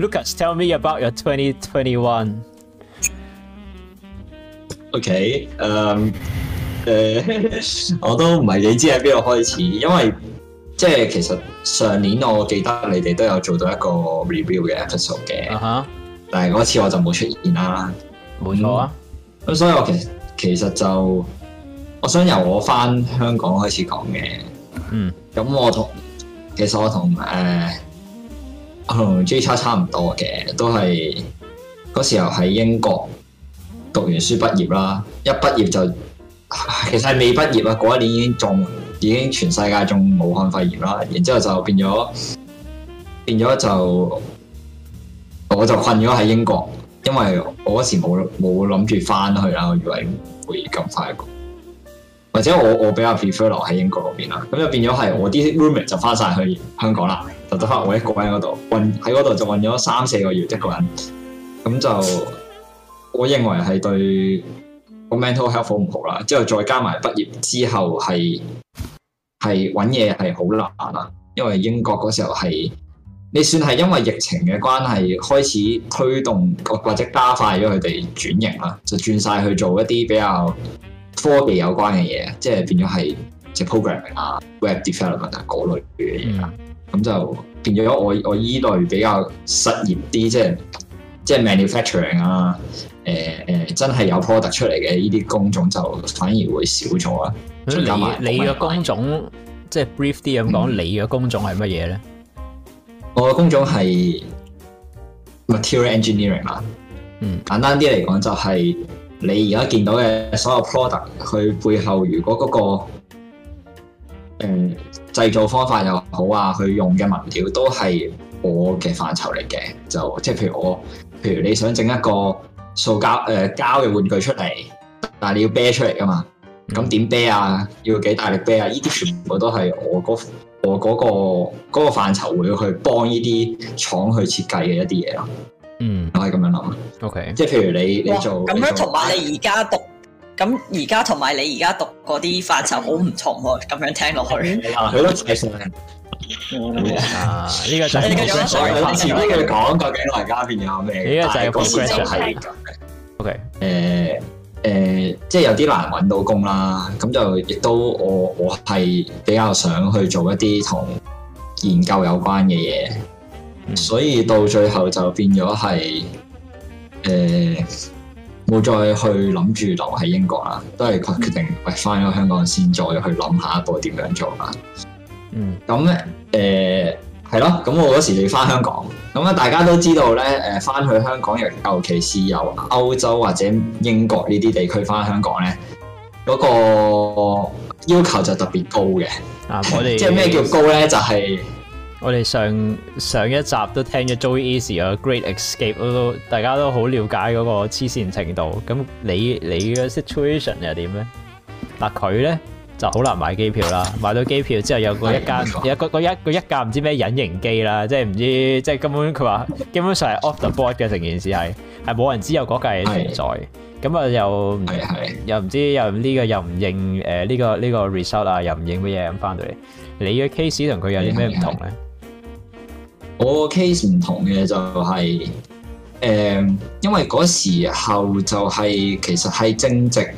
Lukas，tell me about your twenty twenty one。Okay，um, uh, 我都唔係你知喺邊度開始，因為即係其實上年我記得你哋都有做到一個 review 嘅 episode 嘅，uh huh. 但係嗰次我就冇出現啦。冇啊，咁、嗯、所以我其實其實就我想由我返香港開始講嘅。Mm. 嗯，咁我同其實我同誒。Uh, 我同 J 差差唔多嘅，都係嗰時候喺英國讀完書畢業啦，一畢業就其實係未畢業啊，嗰一年已經中，已經全世界中武漢肺炎啦，然之後就變咗變咗就我就困咗喺英國，因為我嗰時冇冇諗住翻去啦，我以為會咁快過，或者我我比較 prefer 留喺英國嗰邊啦，咁就變咗係我啲 roommate 就翻晒去香港啦。就喺我一個人喺嗰度運喺嗰度就運咗三四個月一個人，咁就我認為係對個 mental health 唔好啦。之後再加埋畢業之後係係揾嘢係好難啦，因為英國嗰時候係，你算係因為疫情嘅關係開始推動或者加快咗佢哋轉型啦，就轉晒去做一啲比較科技有關嘅嘢，即係變咗係即係 programming 啊、web development 啊嗰類嘅嘢啦。Mm hmm. 咁就變咗我我依類比較實業啲，即係即係 manufacturing 啊，誒、呃、誒，真係有 product 出嚟嘅呢啲工種就反而會少咗啊！你你嘅工種即係 brief 啲咁講、嗯，你嘅工種係乜嘢咧？我嘅工種係 material engineering 啦。嗯，簡單啲嚟講，就係你而家見到嘅所有 product，佢背後如果嗰、嗰個、呃製造方法又好啊，佢用嘅材料都係我嘅範疇嚟嘅，就即係譬如我，譬如你想整一個塑膠誒、呃、膠嘅玩具出嚟，但係你要啤出嚟㗎嘛，咁點啤啊？要幾大力啤啊？呢啲全部都係我嗰、嗰個、我嗰、嗰個嗰、嗰個範疇會去幫呢啲廠去設計嘅一啲嘢咯。嗯，我係咁樣諗。OK，即係譬如你你做咁、哦、樣同埋你而家讀。咁而家同埋你而家讀嗰啲範疇好唔錯喎，咁樣聽落去。係啊，好多資訊。啊，呢個就係我前邊嘅講，究竟老人家變咗咩？呢個就係個時差係咁嘅。OK，誒誒，即係有啲難揾到工啦。咁就亦都我，我我係比較想去做一啲同研究有關嘅嘢。所以到最後就變咗係誒。啊冇再去諗住留喺英國啦，都係決定喂翻咗香港先，再去諗下一步點樣做啦。嗯，咁咧誒係咯，咁、呃、我嗰時就要翻香港。咁啊，大家都知道咧誒，翻、呃、去香港尤其是由歐洲或者英國呢啲地區翻香港咧，嗰、嗰個要求就特別高嘅。啊、嗯，我哋即係咩叫高咧？就係、係。我哋上上一集都聽咗 Joey Easy 嘅 Great Escape，都大家都好瞭解嗰個黐線程度。咁你你嘅 situation 又點咧？嗱佢咧就好難買機票啦。買到機票之後有個一間，有個個一個一間唔知咩隱形機啦，即係唔知即係根本佢話基本上係 off the board 嘅，成件事係係冇人知有嗰架嘢存在。咁啊又又唔知又呢個又唔認誒呢個呢個 result 啊又唔認乜嘢，咁翻到嚟。你嘅 case 同佢有啲咩唔同咧？我個 case 唔同嘅就係、是嗯，因為嗰時候就係、是、其實係正值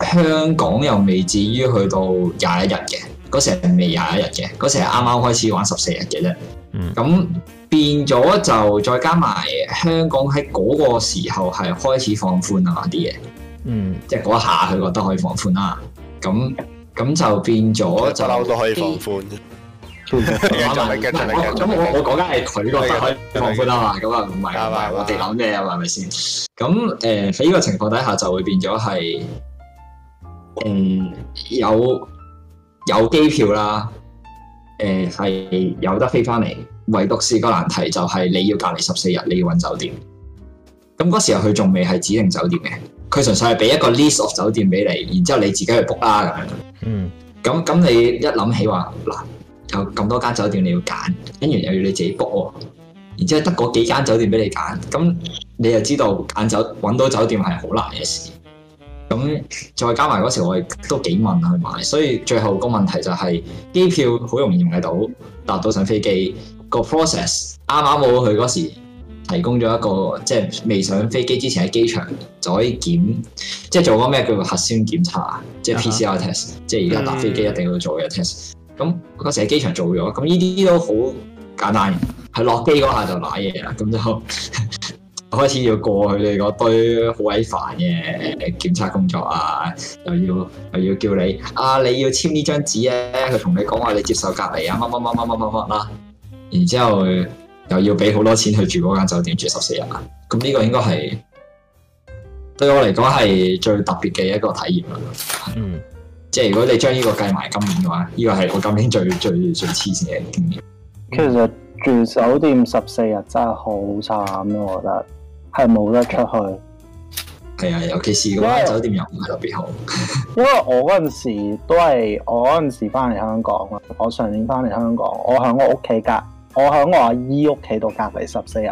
香港又未至於去到廿一日嘅，嗰時係未廿一日嘅，嗰時係啱啱開始玩十四日嘅啫。咁、嗯、變咗就再加埋香港喺嗰個時候係開始放寬啊嗰啲嘢，嗯，即係嗰下佢覺得可以放寬啦。咁咁就變咗就都可以放寬。咁我我講緊係佢個心可以放寬啊嘛，咁啊唔係唔係我哋諗咩啊嘛，係咪先？咁誒喺呢個情況底下就會變咗係，嗯，有有機票啦，誒、呃、係有得飛翻嚟，唯獨是個難題就係你要隔離十四日，你要搵酒店。咁嗰時候佢仲未係指定酒店嘅，佢純粹係俾一個 list of 酒店俾你，然之後你自己去 book 啦咁樣。嗯，咁咁你一諗起話嗱。有咁多間酒店你要揀，跟住又要你自己 book 喎，然之後得嗰幾間酒店俾你揀，咁你又知道揀酒揾到酒店係好難嘅事。咁再加埋嗰時候我係都幾問去買，所以最後個問題就係、是、機票好容易買到，搭到上飛機個 process 啱啱冇去嗰時提供咗一個即係、就是、未上飛機之前喺機場就可以檢，即、就、係、是、做嗰咩叫做核酸檢查，即係 PCR test，即係而家搭飛機一定要做嘅 test。咁嗰時喺機場做咗，咁呢啲都好簡單嘅，係落機嗰下就瀨嘢啦，咁就，就開始要過去你嗰堆好鬼煩嘅檢查工作啊，又要又要叫你啊，你要簽呢張紙呀，啊，佢同你講話你接受隔離啊，乜乜乜乜乜乜乜啦，然之後又要俾好多錢去住嗰間酒店住十四日啦，咁呢個應該係對我嚟講係最特別嘅一個體驗啦。嗯。即係如果你將呢個計埋今年嘅話，呢個係我今年嘅最最最黐線嘅經驗。其實住，住酒店十四日真係好慘咯，我覺得係冇得出去。係啊，尤其是嗰間為酒店又唔係特別好。 因為我嗰陣時都係我嗰陣時翻嚟香港啊。我上年翻嚟香港，我喺我屋企隔，我喺我阿姨屋企度隔離十四日。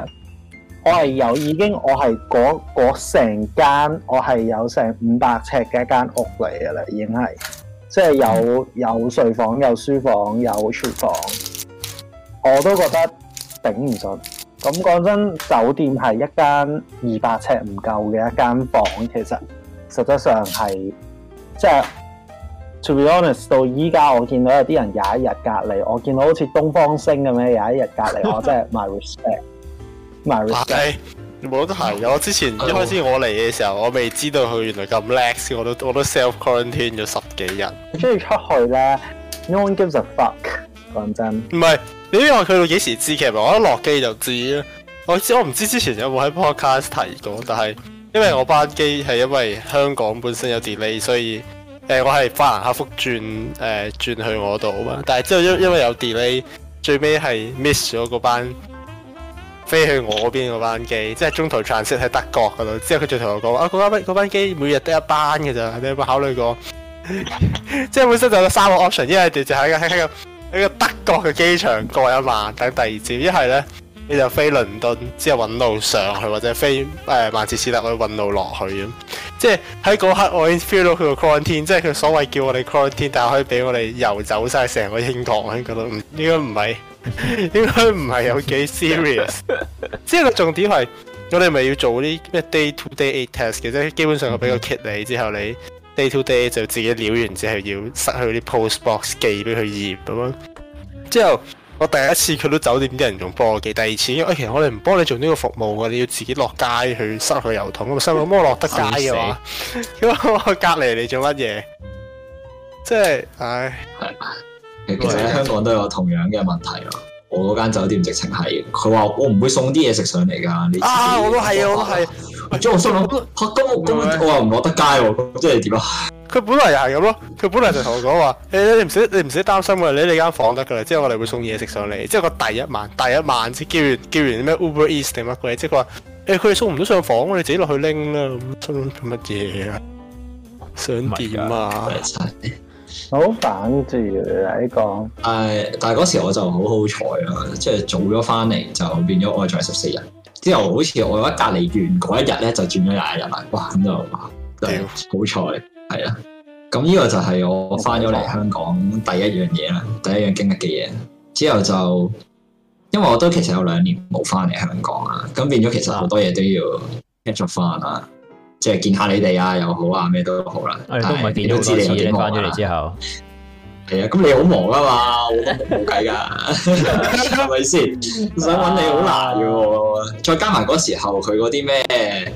我係有已經我，我係嗰嗰成間，我係有成五百尺嘅一間屋嚟嘅啦，已經係，即係有有睡房、有書房、有廚房，我都覺得頂唔順。咁講真，酒店係一間二百尺唔夠嘅一間房，其實實質上係即係。To be honest，到依家我見到有啲人廿一日隔離，我見到好似東方星咁樣廿一日隔離，我真係 my respect。唔係，冇得閒。我之前一開始我嚟嘅時候，我未知道佢原來咁 lax，我都我都 self quarantine 咗十幾日。即係出去咧，no one gives a fuck。講真，唔係你話佢會幾時知？其實我一落機就知。我知我唔知之前有冇喺 podcast 提過，但係因為我班機係因為香港本身有 delay，所以誒、呃、我係法蘭克福轉誒、呃、轉去我度啊。但係之後因因為有 delay，最尾係 miss 咗嗰班，飛去我嗰邊個班機，即係中途轉機喺德國嗰度。之後佢就同我講：啊，嗰班班機每日得一班嘅咋，你有冇考慮過？ 即係本身就有三個 option，一係直接喺個喺個喺個德國嘅機場過一晚等第二朝，一係呢。」你就飛倫敦，之後揾路上去，或者飛誒曼徹斯特去揾路落去咁。即係喺嗰刻，我已經 feel 到佢個 quarantine 即係佢所謂叫我哋 quarantine 但係可以俾我哋遊走曬成個英國我已經覺得唔應該唔係，應該唔係有幾 serious。之後 個重點係，我哋咪要做啲咩 day to day test 嘅，即係基本上我俾個 kit 你，之後你 day to day 就自己料完之後要塞去啲 post box 寄俾佢驗咁樣。之後。我第一次佢都酒店啲人仲幫我寄，第二次，因、哎、為其實我哋唔幫你做呢個服務噶，你要自己落街去收佢油桶，咁收佢，我落得街嘅話，因為 隔籬你做乜嘢，即係，唉，其實喺香港都有同樣嘅問題咯。我嗰間酒店直情係，佢話我唔會送啲嘢食上嚟噶，啊，我都係，哇我都係，即係、啊、我心諗，吓咁、 啊、我咁，我又唔落得街，即係點啊？佢本嚟又係咁咯，佢本嚟就同我講話、 欸：，你不你唔使你唔使擔心你喺你間房得噶啦，即係我哋會送嘢食上嚟。即係個第一晚，第一晚，即叫完叫完啲咩 Uber Eats 定乜鬼，即係佢話：，誒、欸，佢哋送唔到上房，你自己落去拎啦。咁做乜嘢啊？想點啊？嗎好反住嚟講。誒，這個 uh，但係嗰時我就好好彩啊，即、就、係、是、早咗翻嚟就變咗我仲係十四日。之後好似我喺隔籬完嗰一,一日咧，就轉咗廿日啦。哇，咁就對好彩。係啦，咁呢、啊、個就係我翻咗嚟香港第一樣嘢啦，第一樣經歷嘅嘢。之後就，因為我都其實有兩年冇翻嚟香港啊，咁變咗其實好多嘢都要接觸翻啊，即係見下你哋啊又好啊咩都好啦，係咪變咗知你嘢咧？翻咗嚟之後，係啊，咁你好忙啊嘛，我都冇計噶，係咪先？ 想揾你好難嘅、啊，再加埋嗰時候佢嗰啲咩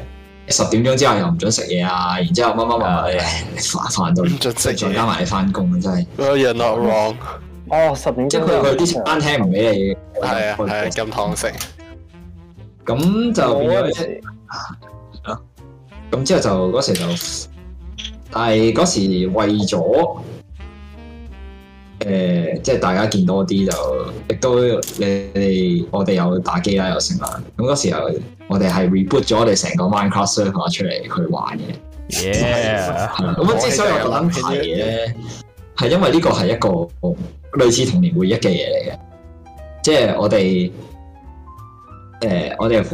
誒。十點鐘之後又唔準食嘢啊！然之後乜乜乜，飯飯都唔準食，再加埋你翻工啊！真係。Oh, you're not wrong. 哦，十點即係佢佢啲餐廳唔俾你，係啊係啊，咁堂食。咁就變咗，咁之後就嗰時就，但係嗰時為咗。誒、呃，即係大家見多啲就，亦都你哋、呃、我哋有打機啦，有成啊。咁嗰時候，我哋係 reboot 咗我哋成個 Minecraft server 出嚟去玩嘅。耶！係啦，咁之所以我諗嘢咧，係實因為呢個係一個類似童年回憶嘅嘢嚟嘅。即係我哋，誒、呃，我哋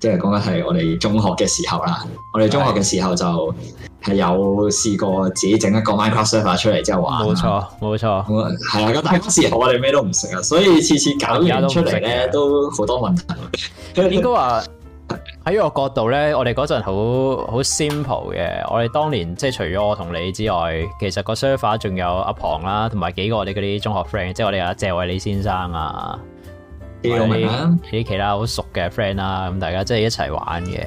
即係講緊係我哋中學嘅時候啦。我哋中學嘅時候就。係有試過自己整一個 Minecraft Server 出嚟之後玩。冇錯，冇錯，係啊！咁嗰時候我哋咩都唔識啊，所以次次搞完出嚟咧都好多問題。 應該話喺我角度咧，我哋嗰陣好好 simple 嘅。我哋當年即係除咗我同你之外，其實個 server 仲有阿龐啦，同埋幾個我哋嗰啲中學 friend，即係我哋阿謝偉李先生啊，啲其他好熟嘅 friend 啦，咁大家即係一齊玩嘅。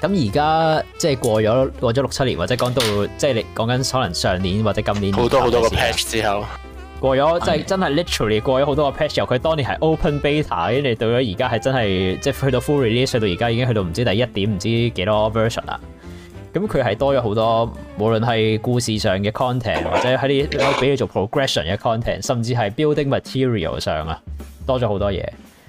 咁而家即係過咗過咗六七年，或者講到即係你講緊可能上年或者今年好多好多個 patch 之後，過咗了 Okay. 即係真係 literally 過咗好多個 patch 之後，佢當年係 open beta，跟住到咗而家係真係即係去到 full release，去到而家已經去到唔知第一點唔知幾多 version 啦。咁佢係多咗好多，無論係故事上嘅 content 或者喺啲俾你做 progression 嘅 content，甚至係 building material 上啊，多咗好多嘢。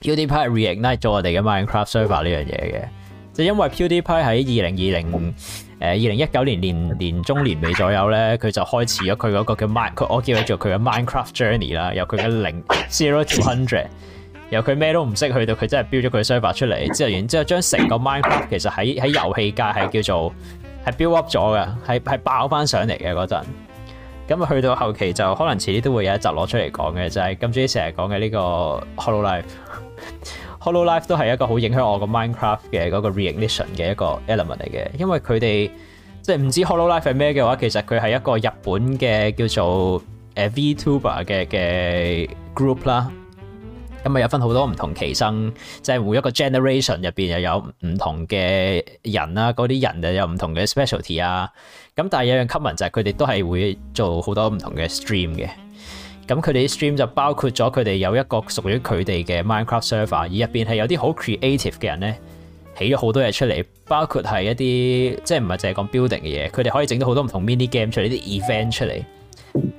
PewDiePie 回應，咧做我哋嘅 Minecraft server 呢樣嘢嘅，就因為 PewDiePie 喺二零二零誒二零一九年年年中年尾左右咧，佢就開始咗佢嗰個叫 Minecraft，佢我叫佢做佢嘅 Minecraft Journey 啦，由佢嘅零 zero to hundred，由佢咩都唔識去到佢真係 build 咗佢 server 出嚟，之後然之後將成個 Minecraft 其實喺喺遊戲界係叫做係 build up 咗嘅，係係爆翻上嚟嘅嗰陣。咁啊去到後期就可能遲啲都會有一集攞出嚟講嘅，就係今朝成日講嘅呢個 Hello Life。Hollow Life 都係一個好影響我個 Minecraft 嘅嗰個 reignition 嘅一個 element 嚟嘅，因為佢哋即係唔知 Hollow Life 係咩嘅話，其實佢係一個日本嘅叫做誒、呃、VTuber 嘅嘅 group 啦。咁啊有分好多唔同期生，即係每一個 generation 入邊又有唔同嘅人啊，嗰啲人又有唔同嘅 specialty 啊。咁但係有樣吸引就係佢哋都係會做好多唔同嘅 stream 嘅。咁佢哋啲 stream 就包括咗佢哋有一個屬於佢哋嘅 Minecraft server，而入面係有啲好 creative 嘅人咧，起咗好多嘢出嚟，包括係一啲即係唔係淨係講 building 嘅嘢。佢哋可以整到好多唔同 mini game 出嚟，啲 event 出嚟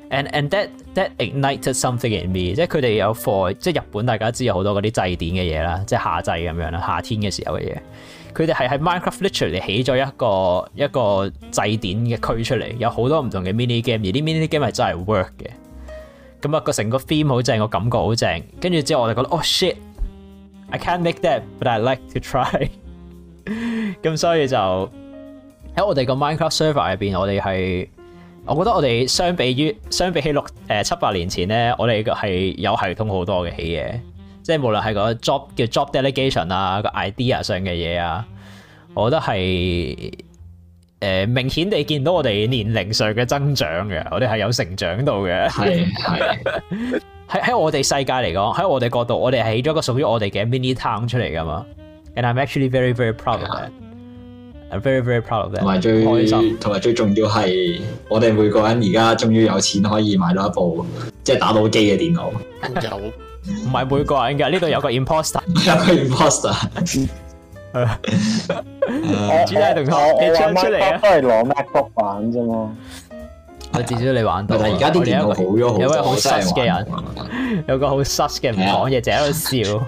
，and and that that ignited something in me，即係佢哋有貨，即係日本大家知有好多嗰啲祭典嘅嘢啦，即係夏祭咁樣啦，夏天嘅時候嘅嘢。佢哋係喺 Minecraft literally 起咗一個一個祭典嘅區出嚟，有好多唔同嘅 mini game，而啲 mini game 係真係 work 嘅。咁啊，個成個 theme 好正，個感覺好正。跟住之後我哋覺得，Oh shit，I can't make that，but I like to try。咁 所以就喺我哋個 Minecraft server 入邊，我哋係，我覺得我哋相比於，相比起六誒七八年前咧，我哋係有系統好多嘅起嘢，即係無論係個 job 叫 job delegation 啊，個 idea 上嘅嘢啊，我覺得係。誒，明顯地見到我哋年齡上嘅增長嘅，我哋係有成長到嘅。係係喺喺我哋世界嚟講，喺我哋角度，我哋係起咗個屬於我哋嘅 mini town 出嚟噶嘛。And I'm actually very very proud of that. 的 I'm very very proud of that。同埋最開心，同埋最重要係，我哋每個人而家終於有錢可以買到一部即係、就是、打到機嘅電腦。有，唔係每個人嘅，呢度有個 imposter。有個 imposter。我我我我阿都攞 MacBook 玩啫嘛，我至少你玩到。但係而家啲電腦好喐有位好失嘅人，有個好失嘅唔講嘢，淨喺度笑。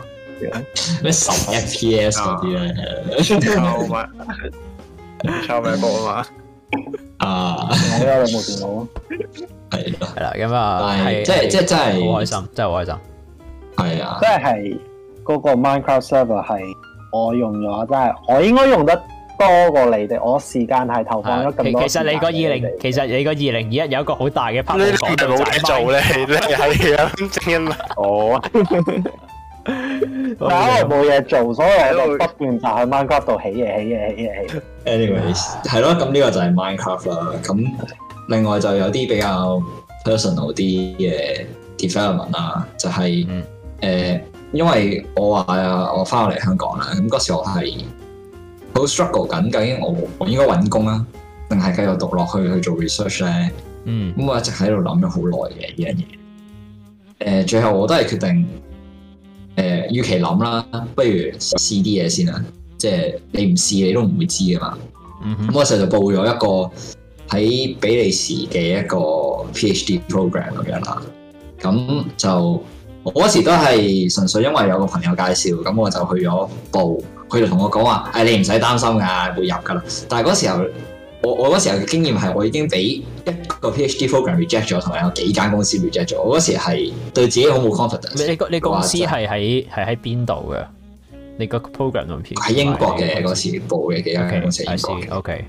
咩十一 PS 嗰啲咧？抄 MacBook 啊嘛，抄 MacBook 啊嘛。啊，我有兩部電腦。係啦係啦，咁啊，即係即係真係好開心，真係好開心。係啊，即係嗰個 Minecraft server 係。我用咗真係，我應該用得多過你哋，我時間係投放咗咁多時間。其實你個二零，其實你個二零二一有一個好大嘅 part，你啲老你你做咧，係啊，天啊！哦，但係我冇嘢做，所以我喺度不斷在 Minecraft 度起嘢，起嘢 Anyways,、啊，起嘢，Anyways，係咯，咁呢個就係 Minecraft 啦。咁另外就有啲比較 personal 啲嘅 development 啊，就係、是、誒。嗯呃因為我話啊，我翻到嚟香港啦，咁嗰時我係好 struggle 緊，究竟我我應該揾工啊，定係繼續讀落去去做 research 咧？嗯，咁我一直喺度諗咗好耐嘅呢樣嘢。誒、呃，最後我都係決定，誒、呃，與其諗啦，不如試啲嘢先啦。即係你唔試，你都唔會知㗎嘛。嗯哼，咁嗰時就報咗一個喺比利時嘅一個 PhD program 咁樣啦。咁就。我嗰時都係純粹因為有個朋友介紹，咁我就去咗報。佢就同我講話：誒、哎，你唔使擔心㗎，會入㗎啦。但係嗰時候，我我嗰時候嘅經驗係，我已經俾一個 PhD program reject 咗，同埋有幾間公司 reject 咗。我嗰時係對自己好冇 confidence 你。你你公司係喺係喺邊度嘅？你個 program 同喺英國嘅，嗰時報嘅嘅幾間公司是的。OK，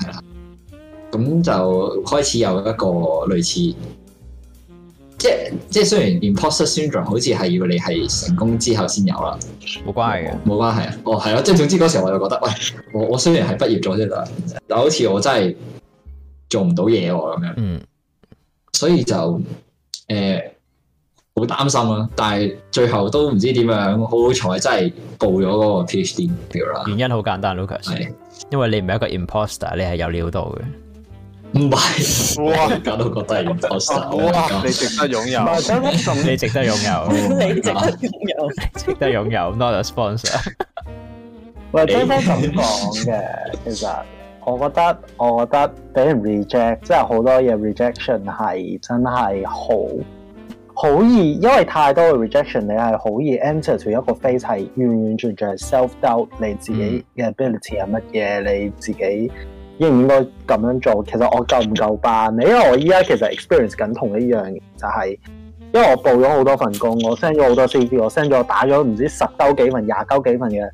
係啦。咁就開始有一個類似。即係即雖然 imposter syndrome 好似係要你係成功之後先有啦，冇關係嘅，冇關係啊！哦，係啊，即係總之嗰時候我就覺得，喂，我我雖然係畢業咗啫啦，但好似我真係做唔到嘢喎咁樣，嗯，所以就誒好、呃、擔心啊。但係最後都唔知點樣，好好彩真係報咗嗰個 PhD degree 啦。原因好簡單，Lukas，因為你唔係一個 imposter，你係有料到嘅。唔係，哇！搞到覺得我手，哇！你值得擁有，是你值得擁有， 你值得擁有， 你值得擁有 ，not a sponsor。唔係真係咁講嘅，其實我覺得，我覺得俾人 reject，即係好多嘢 rejection 係真係好，好易，因為太多嘅 rejection，你係好易 enter 到一個 phase 係完完全全 self doubt，你自己嘅 ability 係乜嘢，嗯、你自己。應唔應該咁樣做？其實我夠唔夠班，你，因為我依家其實 experience 緊同一樣，就係、是、因為我報咗好多份工，我 send 咗好多 cv，我 send 咗打咗唔知十鳩幾份、廿鳩幾份嘅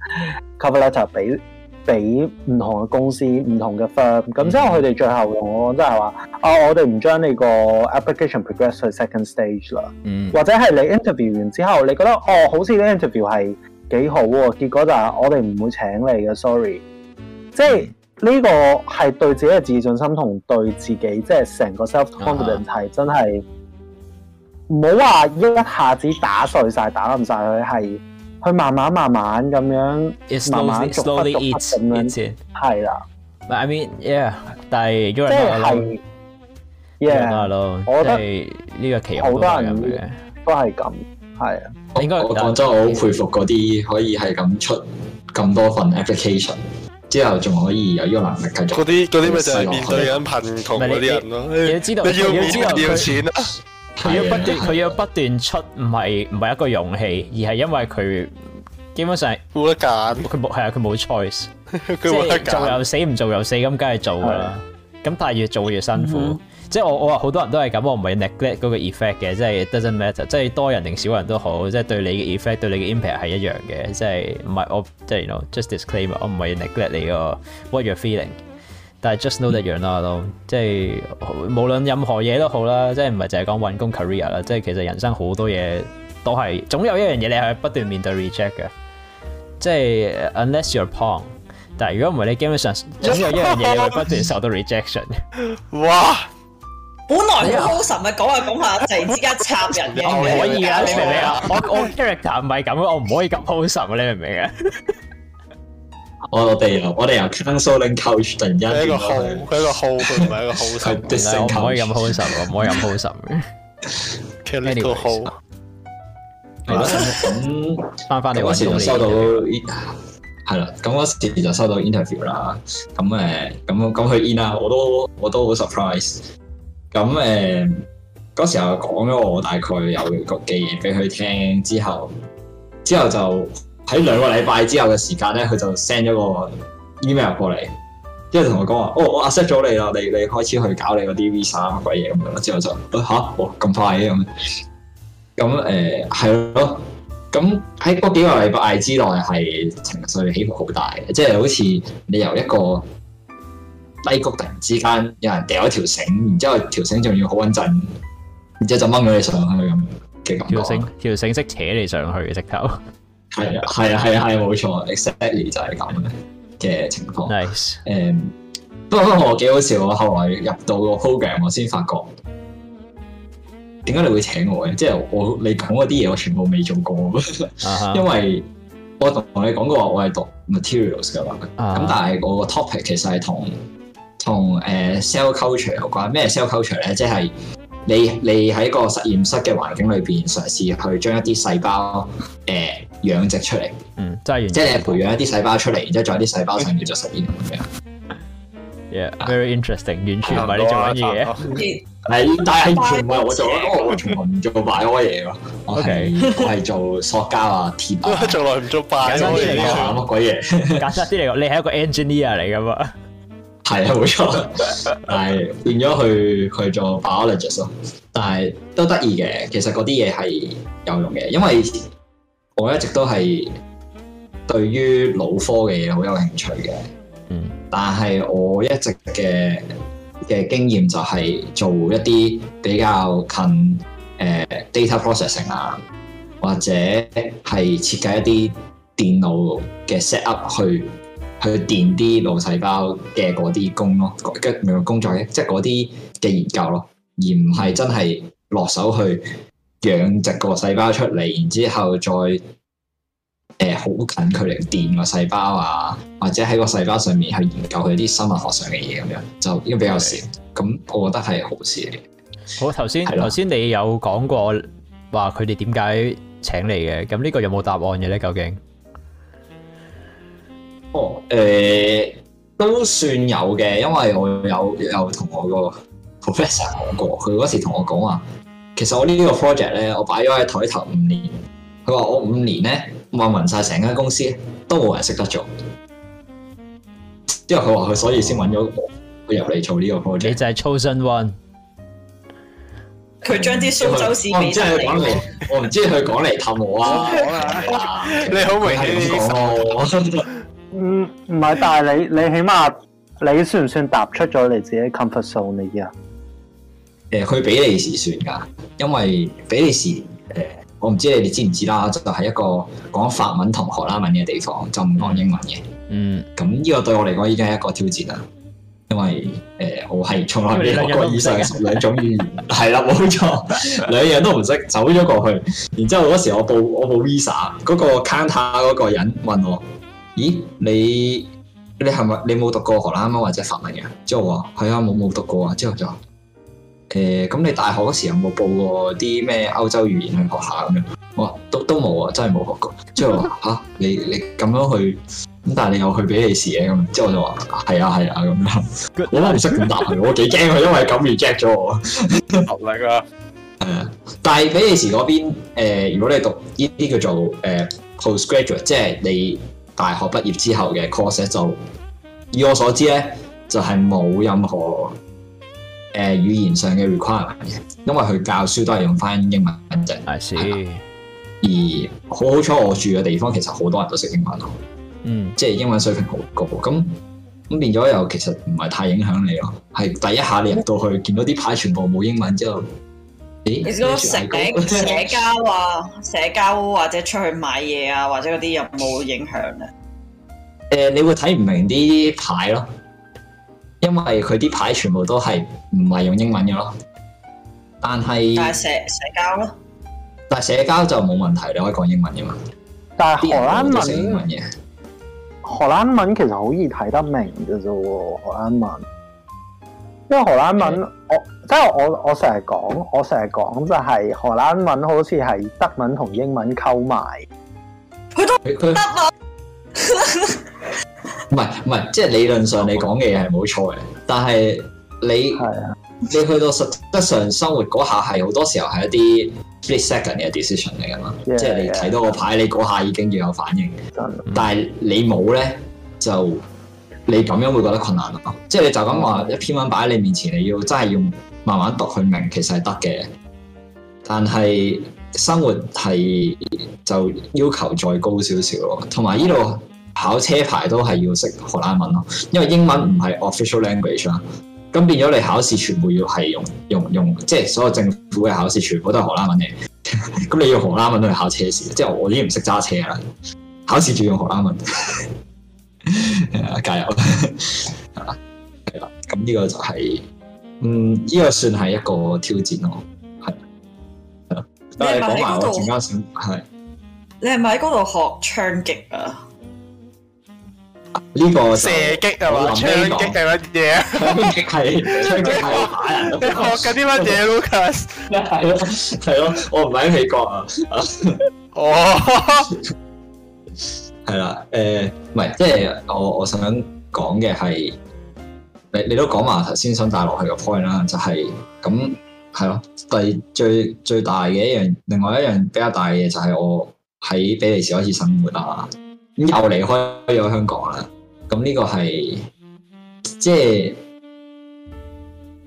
cover letter 俾俾唔同嘅公司、唔同嘅 firm。咁之後佢哋最後同我講，即係話啊，我哋唔將你個 application progress 去 second stage 啦。嗯、或者係你 interview 完之後，你覺得哦，好似啲 interview 係幾好喎，結果就係我哋唔會請你嘅，sorry。即係。呢個係對自己嘅自信心同對自己即係成個 self confidence 係真係唔好話一下子打碎晒、打冧晒。佢，係佢慢慢慢慢咁樣，慢慢逐筆逐筆咁樣，先係啦。But I mean, yeah，但係，因為係，yeah，好多咯，即係呢個期遇，好多人嘅都係咁，係啊。應該我講真，我好佩服嗰啲可以係咁出咁多份 application。之後仲可以有呢個能力繼續嗰啲，嗰啲咪就係面對緊貧窮嗰啲人咯。你要知道，哎、你要，要知道你要錢佢、啊、要不斷，佢的要不斷出不，唔係唔係一個勇氣，而係因為佢基本上係冇得揀。佢冇係啊，佢冇 choice。佢冇 得揀，做又死，唔做又死，咁梗係做啦。咁的但係越做越辛苦。嗯即係我我話好多人都係咁，我唔係 neglect 嗰個 effect 嘅，即係 doesn't matter，即係多人定少人都好，即係對你嘅 effect，對你嘅 impact 係一樣嘅，即係唔係我即係 you know，just disclaimer，我唔係 neglect 你個 what you're feeling，但係 just know 一樣啦，即係無論任何嘢都好啦，即係唔係淨係講搵工 career 啦，即係其實人生好多嘢都係總有一樣嘢你係不斷面對 reject 嘅，即係 unless you're Pong，但係如果唔係你基本上總有一樣嘢你會不斷受到 rejection，哇！本來好神咪講下講下，突然之間插人嘅，唔可以啊！你明唔明啊？我我 character 唔係咁，我唔可以咁好神啊。你明唔明啊？我哋我哋由 consulting coach 突然間一個號，一個號，佢唔係一個號頭嚟嘅，唔可以咁好神唔可以咁好神實嘅。Anyway 係啦，咁翻翻嚟嗰時我收到係啦，咁嗰時就收到 interview 啦。咁誒，咁咁佢 in 啦，我都我都好 surprise。咁誒，嗰、嗯、時候講咗我大概有個嘅嘢俾佢聽之後，之後就喺兩個禮拜之後嘅時間咧，佢就 send 咗個 email 過嚟，之後同我講話，哦，我 accept 咗你啦，你你開始去搞你啲 visa 乜鬼嘢咁樣之後就，吓、啊，咁快嘅咁，咁誒，係咯，咁喺嗰幾個禮拜之內係情緒起伏、就是、好大嘅，即係好似你由一個。低谷，突然之間有人掉咗條繩，然之後條繩仲要好穩陣，然之後就掹咗你上去咁嘅感覺。條繩，條繩識扯你上去嘅，直頭。係 啊，係啊，係啊， 係冇錯，exactly 就係咁嘅情況。Nice。誒，不過不過我幾好笑，我後來入到個 program 我先發覺，點解你會請我嘅？即係我你講嗰啲嘢我全部未做過。 uh huh. 因為我，我同你講過我係讀 materials 嘅嘛，咁但係我個 topic 其實係同。同、呃、cell culture 有關咩？cell culture 咧，即、就、係、是、你你喺個實驗室嘅環境裏邊嘗試去將一啲細胞誒養、呃、殖出嚟。嗯，即係即係培養一啲細胞出嚟，然之後再喺啲細胞上面做實驗咁樣。Yeah, very interesting。完全唔係你做緊嘢。係，但係 完全唔係我做，因為我從來唔做 bio 嘢喎。我 O.K. 我係做塑膠啊、鐵啊，從來唔做 bio 嘢喎。簡單啲嚟講乜鬼嘢？簡單啲嚟講，你係一個 engineer 嚟㗎嘛？ 係啊，冇錯，但係變咗去去做 biologist 咯，但係都得意嘅。其實嗰啲嘢係有用嘅，因為我一直都係對於腦科嘅嘢好有興趣嘅。嗯，但係我一直嘅嘅經驗就係做一啲比較近誒、呃、data processing 啊，或者係設計一啲電腦嘅 set up 去。去電啲腦細胞嘅嗰啲工咯，跟樣工作嘅，即係嗰啲嘅研究咯，而唔係真係落手去養殖個細胞出嚟，然之後再誒、好、呃、近距離電個細胞啊，或者喺個細胞上面去研究佢啲生物學上嘅嘢咁樣，就應該比較少。咁的我覺得係好事嚟。好，頭先頭先你有講過話佢哋點解請你嘅，咁呢個有冇答案嘅咧？究竟？哦，誒、欸，都算有嘅，因為我有有同我個 professor 講過，佢嗰時同我講話，其實我個呢個 project 咧，我擺咗喺台頭五年，佢話我五年咧問問晒成間公司都冇人識得做，之後佢話佢所以先揾咗佢入嚟做呢個 project，就係 chosen one 佢將啲蘇州事俾你，我唔知佢講嚟氹我啊，你好榮幸咁喎。 唔唔係，但係你你起碼你算唔算踏出咗你自己 comfort zone 嚟啊？誒，去比利時算噶，因為比利時誒，我唔知你哋知唔知啦，就係一個講法文同荷蘭文嘅地方，就唔講英文嘅。嗯，咁呢個對我嚟講已經係一個挑戰啊，因為誒、呃、我係從來未學過以上嘅兩種語言，係啦冇錯，兩樣都唔識，走咗過去。然之後嗰時候我報我報 visa，嗰個 counter 嗰個人問我。咦？你你係咪你冇讀過荷蘭文或者法文嘅？之後話係啊，冇冇讀過啊。之後就誒咁，欸、你大學嗰時候有冇報過啲咩歐洲語言去學校？」咁樣？我話都都冇啊，真係冇學過。之後話吓、 啊，你你咁樣去咁，但係你又去比利時嘅咁。之後就話係啊係啊咁、啊啊、樣。Good 我都唔識咁答佢。 我幾驚佢因為咁 reject 咗我。學 歷啊，係啊。但係比利時嗰邊誒、呃，如果你讀呢啲叫做誒、呃、postgraduate，即係你。大學畢業之後嘅 c o 就以我所知咧，就係、是、冇任何誒、呃、語言上嘅 requirement 嘅，因為佢教書都係用翻英文嘅。係 I see.，而好好彩我住嘅地方其實好多人都識英文，嗯，mm. 即係英文水平好高，咁咁變咗又其實唔係太影響你咯。係第一下你入到去 見到啲牌全部冇英文之後。你嗰個社社交啊，社交、啊、或者出去買嘢啊，或者嗰啲有冇影響咧？誒、呃，你會睇唔明啲牌咯，因為佢啲牌全部都係唔係用英文嘅咯。但係但係社社交、啊，但係社交就冇問題，你可以講英文嘅嘛。但係荷蘭文，英文荷蘭文其實好易睇得明嘅啫喎，荷蘭文。因為荷蘭文，的我即係我我成日講，我成日講就係荷蘭文好似係德文同英文溝埋。佢都佢德文。唔係唔係，即係、就是、理論上你講嘅嘢係冇錯嘅，但係你的你去到實質上生活嗰下係好多時候係一啲 split second 嘅 decision 嚟㗎嘛，即係你睇到個牌，你嗰下已經要有反應嘅。的但係你冇咧就。你咁樣會覺得困難咯，即係你就咁話一篇文擺喺你面前，你要真係用慢慢讀佢明，其實係得嘅。但係生活係就要求再高少少咯，同埋呢度考車牌都係要識荷蘭文咯，因為英文唔係 official language 啦。咁變咗你考試全部要係用用用，即係所有政府嘅考試全部都係荷蘭文嚟。咁 你要荷蘭文都係考車試，即係我已經唔識揸車啦。考試就要用荷蘭文。 係啊，加油啦！係啦，咁呢個就係，嗯，呢個算係一個挑戰咯。係，你係咪喺嗰度？係，你係咪喺嗰度學槍擊啊？呢個射擊係嘛？槍擊係乜嘢啊？槍擊係，槍擊係打人。你學緊啲乜嘢，Lukas？係咯，係咯，我唔喺美國啊。哦。係啦，誒，唔係，即係我我想講嘅係，你你都講埋頭先想帶落去嘅 point 啦，就係咁係咯，第最最大嘅一樣，另外一樣比較大嘅嘢就係我喺比利時開始生活啦，又離開咗香港啦，咁呢個係即係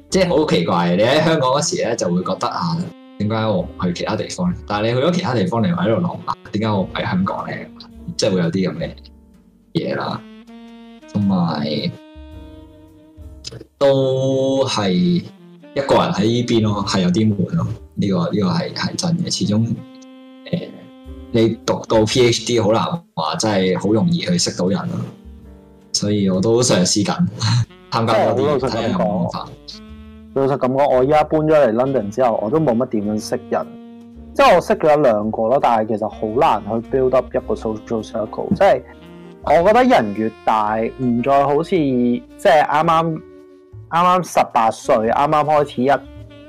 即係好奇怪，你喺香港嗰時咧就會覺得啊，點解我唔去其他地方咧？但係你去咗其他地方，你又喺度浪啊？點解我唔喺香港咧？即係會有啲咁嘅嘢啦，同埋都係一個人喺呢邊咯，係有啲悶咯。呢、呢個呢、呢個係係真嘅，始終誒、呃，你讀到 PhD 好難話，真係好容易去識到人咯。所以我都嘗試緊參加多啲新人方法。老、哦、實咁講，我依家搬咗嚟 London 之後，我都冇乜點樣識人。即係我識咗兩個咯，但係其實好難去 build up 一個 social circle。即係我覺得人越大，唔再好似即係啱啱啱啱十八歲，啱啱開始一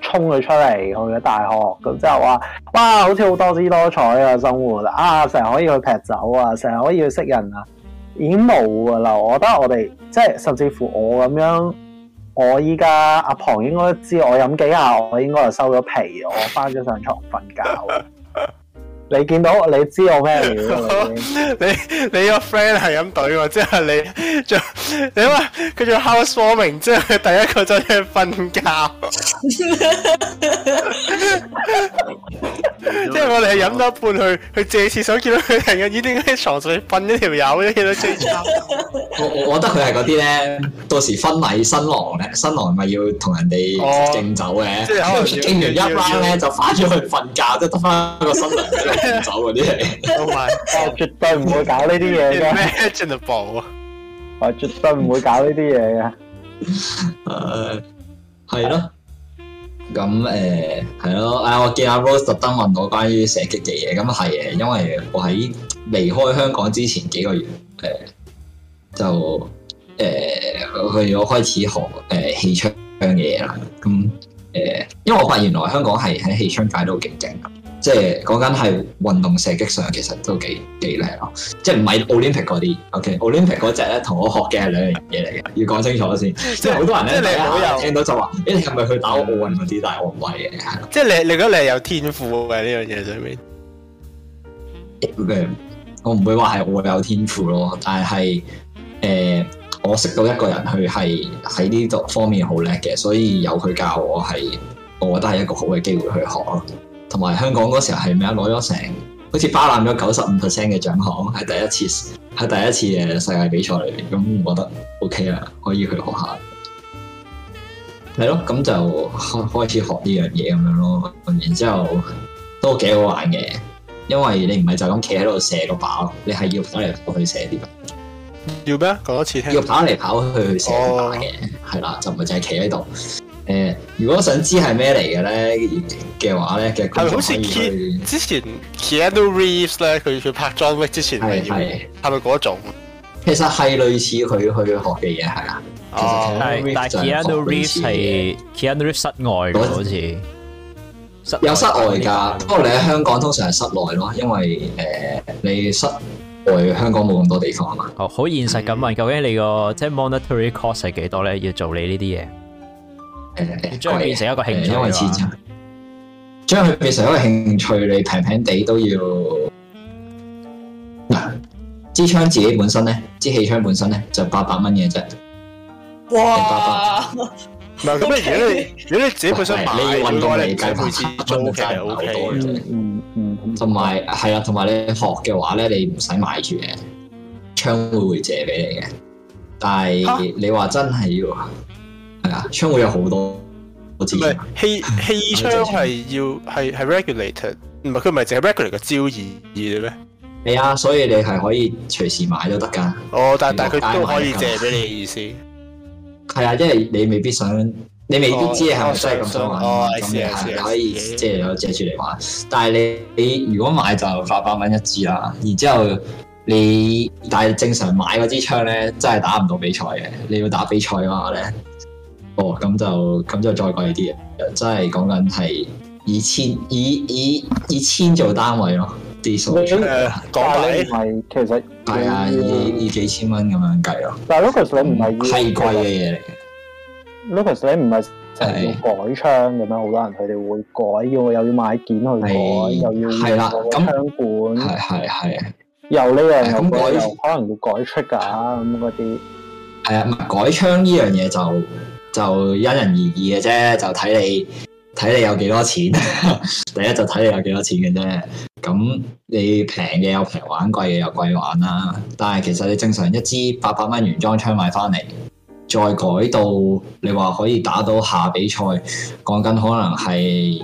衝佢出嚟去咗大學，咁即係話哇，好似好多姿多彩嘅生活啊，成日可以去劈酒啊，成日可以去識人啊，已經冇噶啦。我覺得我哋即係甚至乎我咁樣。我依家阿龐應該知我飲幾下，我應該就收咗皮，我返咗上床瞓覺。 你見到你知道我咩 你你個 friend 係咁懟喎，即、就、係、是、你做你話佢仲 house warming，即係第一個就係瞓覺。即係我哋係飲咗一半去去借廁所見到佢係啊已經喺床上仔瞓咗條友，見到瞓 我我覺得佢係嗰啲咧，到時婚禮新郎咧，新郎咪要同人哋敬酒嘅，即係可能敬完一 round 咧 就返咗去瞓覺，即係得翻個新娘。 走嗰、啊、啲，我絕對唔會搞呢啲嘢噶。Imaginable 我絕對唔會搞呢啲嘢噶。係咯，咁誒係咯。誒，我見阿 Rose 特登問我關於射擊嘅嘢，咁係嘅，因為我喺離開香港之前幾個月，誒、呃、就誒去咗開始學誒氣槍嘅嘢啦。咁、呃、誒、呃，因為我發現原來香港係喺氣槍界都勁正。即係講緊係運動射擊上，其實都幾幾叻咯。即係唔係 Olympic 嗰啲，O K，Olympic 嗰隻咧同我學嘅係兩樣嘢嚟嘅。要講清楚先， 即係好多人咧聽到就話，誒、欸，你係咪去打奧運嗰啲，但係我唔係嘅。即係你你覺得你係有天賦嘅呢樣嘢上面？這個、我唔會話係我有天賦咯，但係誒、呃，我識到一個人去係喺呢度方面好叻嘅，所以有佢教我係，我覺得係一個好嘅機會去學咯。同埋香港嗰時候係咪啊？攞咗成好似包攬咗九十五 percent 嘅獎項，喺第一次喺第一次嘅世界比賽裏邊，咁我覺得 OK 啊，可以去學下。係咯，咁就開開始學呢樣嘢咁樣咯。然之後都幾好玩嘅，因為你唔係就咁企喺度射個靶咯，你係要跑嚟跑去射啲。要咩啊？講多次，要跑嚟跑去去射個靶嘅，係啦、哦，就唔係淨係企喺度。誒，如果想知係咩嚟嘅咧嘅話咧，其實係咪好似 Key, 之前 Keanu Reeves 咧？佢去拍 John Wick 之前係係係咪嗰種？其實係類似佢去學嘅嘢係啊。但但 Keanu Reeves 係 Keanu Reeves 室外嘅好似，有室外噶。不過你喺香港通常係室內咯，因為誒、呃、你室外香港冇咁多地方啊。好、哦、現實咁問，的究竟你個即係 monetary cost 係幾多咧？要做你呢啲嘢？將佢、嗯、變成一個興趣，因為始終將佢變成一個興趣，你平平地都要嗱支槍自己本身咧，支氣槍本身咧就八百蚊嘅啫。哇！嗱咁八百蚊 okay, 你 okay, 如果你你自己本身想買，你要運動嚟計翻七百蚊，真係好多嘅 okay, okay.、嗯。嗯同埋係啊，同埋你學嘅話咧，你唔使買住嘅，槍會會借俾你嘅。但係你話真係要。啊係啊，槍會有好多，我知。唔係氣氣槍係要係係 regulated，唔係佢唔係淨係 regular 嘅招而已咩？係啊，所以你係可以隨時買都得噶。哦，但外但佢都可以借俾你嘅意思。係啊，因為你未必想，你未必知係咪、哦、想真係咁想玩，咁你、哦、樣可以借咗借出嚟玩。但係你你如果買就八百蚊一支啦。然之後你但係正常買嗰支槍咧，真係打唔到比賽嘅。你要打比賽嘅話咧。哦，咁就咁就再貴啲啊！真係講緊係以千以以以千做單位咯啲數字，但係你唔係其實係啊，以二幾千蚊咁樣計咯。但係 Lucas，你唔係貴嘅嘢嚟嘅。Lucas，你唔係淨係要改槍咁樣，好多人佢哋會改，要又要買件去改，又要換個槍管，係係係。由你嚟改，又可能會改出㗎咁嗰啲。係啊，改槍呢樣嘢就～就因人而異嘅啫，就睇你睇你有幾多錢，呵呵，第一就睇你有幾多錢嘅啫。咁你平嘅有平玩，貴嘅有貴玩啦。但係其實你正常一支八百蚊原裝槍買翻嚟，再改到你話可以打到下比賽，講緊可能係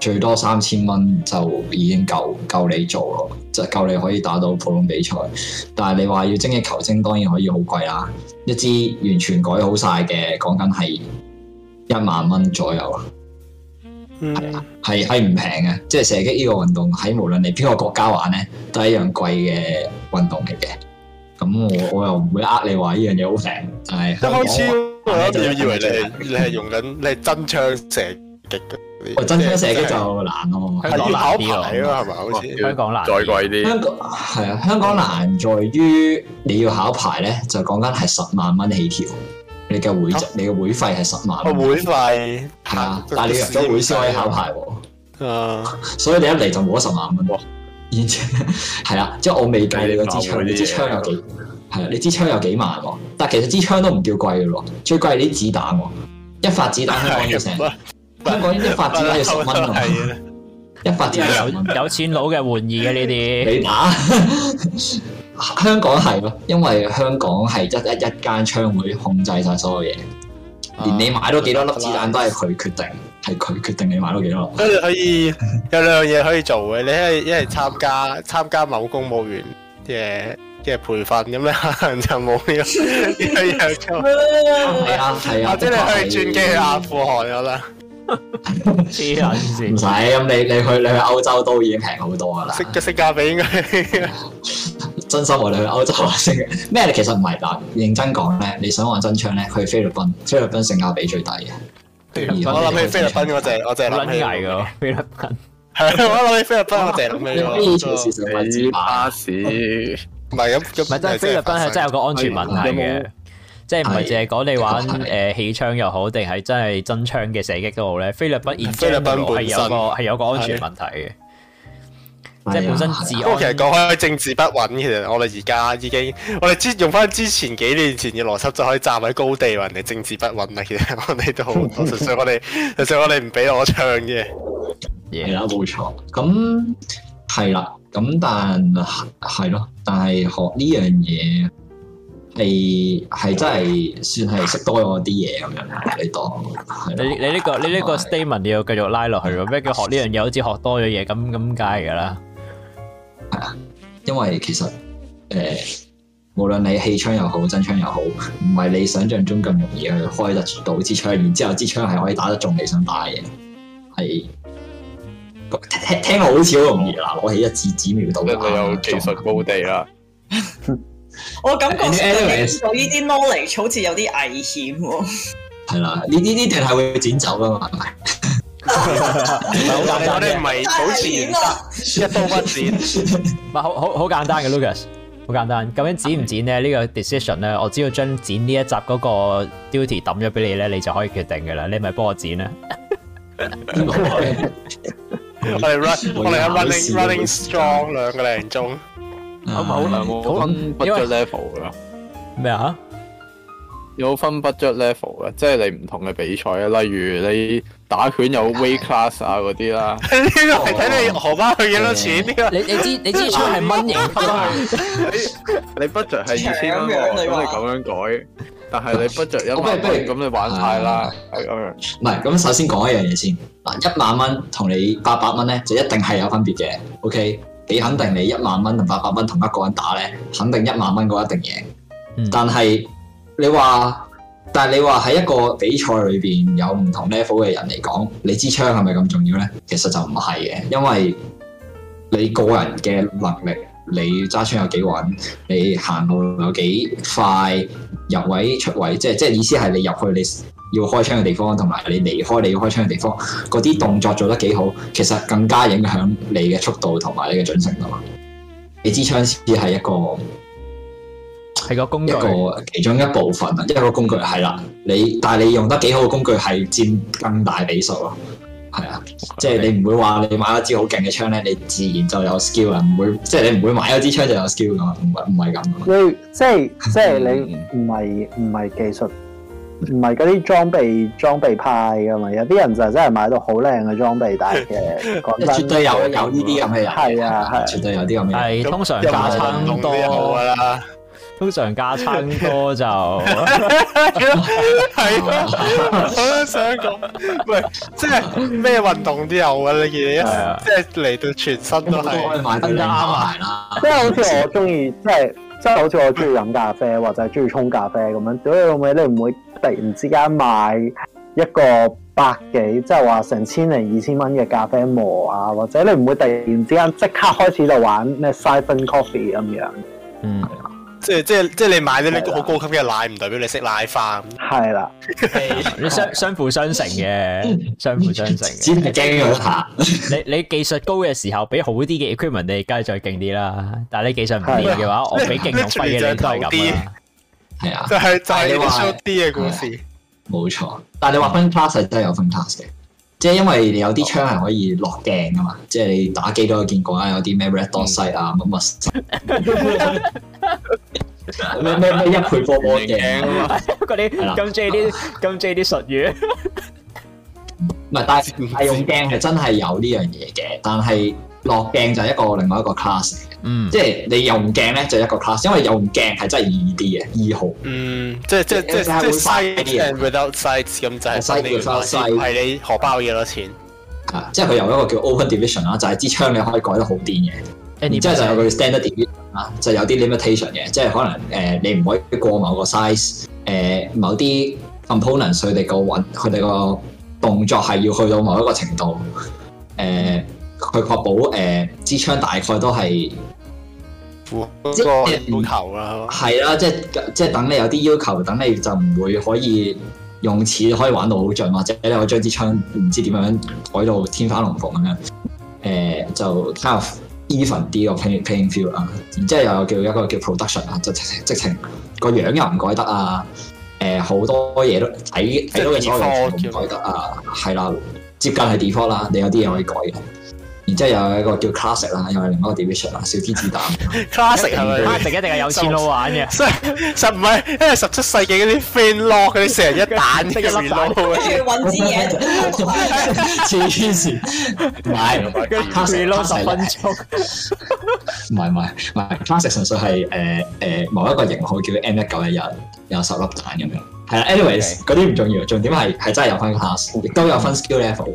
最多三千蚊就已經夠夠你做咯。就夠你可以打到普通比賽，但係你話要精益求精，當然可以好貴啊！一支完全改好晒嘅，講緊係一萬蚊左右啊，係係唔平嘅。即係射擊呢個運動，喺無論你邊個國家玩咧，都係一樣貴嘅運動嚟嘅。咁我我又唔會呃你話呢樣嘢好平。一開始我一直以為你係你你係用緊你係真槍射。我真槍射擊就難哦，係要考牌咯係嘛？好似香港難，再貴啲。香港係啊，香港難在於你要考牌咧，就講緊係十萬蚊起跳。你嘅會，你嘅會費係十萬。會費係啊，但係你入咗會先可以考牌喎。啊，所以你一嚟，就冇咗十萬蚊。而且係啦，即係我未計你嗰支槍，你支槍有幾？係啊，你支槍有幾萬喎？但係其實支槍都唔叫貴嘅咯，最貴係啲子彈喎，一發子彈香港要成香港一發子都要十蚊喎，一發子有有錢佬嘅玩意嘅呢啲，你打香港係咯，因為香港係一一一間槍會控制曬所有嘢，連你買多幾多粒子彈都係佢決定，係佢決定你買多幾多粒。跟住可以有兩樣嘢可以做嘅，你一係一係參加參加某公務員嘅嘅培訓咁咧，就冇呢個。係啊係啊，即係你可以轉機去阿富汗好啦。唔使，咁你你去你去歐洲都已經平好多噶啦。性價比應該真心我哋去歐洲啊，咩？其實唔係，但認真講咧，你想玩真槍咧，去菲律賓，菲律賓性價比最低嘅。我諗起菲律賓，我就我就諗起危嘅。菲律賓，我諗起菲律賓，我淨諗起。巴士唔係咁，唔係真菲律賓係真係有個安全問題嘅。即係唔係淨係講你玩，誒氣槍又好，定係真係真槍嘅射擊都好咧？菲律賓本身係有個係有個安全問題嘅，是即係本身治安、啊。不過其實講開政治不穩，啊、其實我哋而家已經，我哋之用翻之前幾年前嘅邏輯就可以站喺高地話人哋政治不穩啊！其實我哋都好，純粹 我哋，純粹 我哋唔俾我唱嘅嘢啦，冇錯、yeah，。咁係啦，咁但係係咯，但係學呢樣嘢。你係真係算係識多咗啲嘢，咁樣你當你你呢、呢個、啊、你呢個 statement 你要繼續拉落去，咩叫學呢樣嘢好似學多咗嘢？咁咁梗係噶啦。係啊，因為其實誒、呃，無論你氣槍又好，真槍又好，唔係你想像中咁容易去開得到支槍，然之後支槍係可以打得中你想打嘅，係聽聽我好似好容易嗱，攞起一支指瞄到。因為你有技術高地啦。 我感覺我接受呢啲 knowledge 好似有啲危險喎。係啦，呢啲呢定係會剪走噶嘛？唔係好簡單你唔哋唔係好剪，一刀不剪。唔係好好好簡單嘅，Lukas，好簡單。究竟剪唔剪咧？呢個 decision 咧，我只要將剪呢一集嗰個 duty 抌咗俾你咧，你就可以決定噶啦。你咪幫我剪啦。我哋 run，我哋 running，running strong 兩個零鐘。好明，有冇分 budget level 嘅？咩啊？有分 budget level 嘅，即係你唔同嘅比賽啊。例如你打拳有 weight class 啊嗰啲啦。呢個係睇你荷包去幾多錢？呢個你你知你知。之前係蚊型，你你 budget 係二千蚊。咁你咁樣改，但係你 budget 一萬。不如不如咁，你玩曬啦咁樣。唔係，咁首先講一樣嘢先。嗱，一萬蚊同你八百蚊咧，就一定係有分別嘅。OK。你肯定你一萬蚊同八百蚊同一個人打咧，肯定一萬蚊嗰一定贏，嗯但是。但係你話，但係你話喺一個比賽裏邊有唔同 level 嘅人嚟講，你支槍係咪咁重要咧？其實就唔係嘅，因為你個人嘅能力，你揸槍有幾穩，你行路有幾快入位出位，即係即係意思係你入去你要開槍嘅地方，同埋你離開你要開槍嘅地方，嗰啲動作做得幾好，其實更加影響你嘅速度同埋你嘅準成度㗎嘛。你支槍只係一個，係個工具一個其中一部分，一個工具係啦。你但係你用得幾好嘅工具係佔更大比數咯，係啊。Okay. 即係你唔會話你買一支好勁嘅槍咧，你自然就有 skill 啊。唔會即係你唔會買一支槍就有 skill 㗎，唔係唔係咁。你即係即係你唔係唔係技術。唔係嗰啲裝備裝備派噶嘛，有啲人就真係買到好靚嘅裝備，但係絕對係係、啊係啊係啊、係有有呢啲咁嘅，人係啊係，絕對有啲咁嘅，係通常加差唔多啦，通常加差唔多就係啦。我都想講，唔即係咩運動都有嘅、啊，你見一即係嚟到全身都係，都係加埋啦。即係好似我中意即係。即係好似我中意飲咖啡或者係中意沖咖啡咁樣，屌你老味，你唔會突然之間買一個百幾，即係話成千零二千蚊嘅咖啡磨啊，或者你唔會突然之間即刻開始就玩咩 Siphon Coffee 咁樣。嗯。即係即係即係你買啲啲好高級嘅奶，唔了代表你識奶翻。係啦了，相相輔相成嘅，相輔相成。只係勁用下，你你技術高嘅時候，俾好啲嘅 equipment，你梗係再勁啲啦。但係你技術唔掂嘅話，了我俾勁用輝嘅你都係咁啦。係啊。了就係就係啲嘅故事。冇錯，但係你話分 pass 真係有分 pass 嘅。即係因為你有啲槍係可以落鏡噶嘛，即係你打機都有見過啊，有啲咩 red dot sight 啊，乜乜乜，咩咩一倍波波鏡啊，嗰啲咁即係啲咁即啲術語。唔係，但係唔係用鏡係真係有呢樣嘢嘅，但係落鏡就係一個另外一個 class。嗯，即係你又唔鏡咧就一個 class，因為唔鏡係真係二 D 嘅二號。嗯，即係即係即係即啲嘅。Without size 咁滯，係你荷包幾多錢？啊，即係佢有一個叫 open division 啦，就係支槍你可以改得好癲嘅。然之後就有個 standard division 啦，就有啲 limitation 嘅，即係可能誒你唔可以過某個 size，誒某啲 component 佢哋個運佢哋個動作係要去到某一個程度，誒佢確保誒支槍大概都係。那個啊，即係要求啦，係啦，啊，即係即係等你有啲要求，等你就唔會可以用錢可以玩到好盡，或者咧我將支槍唔知點樣改到天花龍鳳咁樣，誒、呃、就 kind of even 啲個 playing playing field 啦，啊，然之後又叫一個叫 production 即係即係個樣又唔改啊，即即直情個樣又唔改得啊，誒好多嘢都睇睇到嘅所有程度唔改得啊，係啦，啊，接近係 default 啦，你有啲嘢可以改嘅。然之後有一個叫 classic 啦，又係另一個 division 啦，小天子彈。classic 係咪？classic 一定係有錢佬玩嘅，實實唔係，因為十七世紀嗰啲 flintlock 嗰啲成日一彈入面撈，跟住揾支嘢，黐線。唔係，唔係，唔係，classic 純粹係誒誒某一個型號叫 M 一九一一，有有十粒彈咁樣。係啦，anyways 嗰啲唔重要，重點係係真係有翻一個 classic，亦都有分 skill level。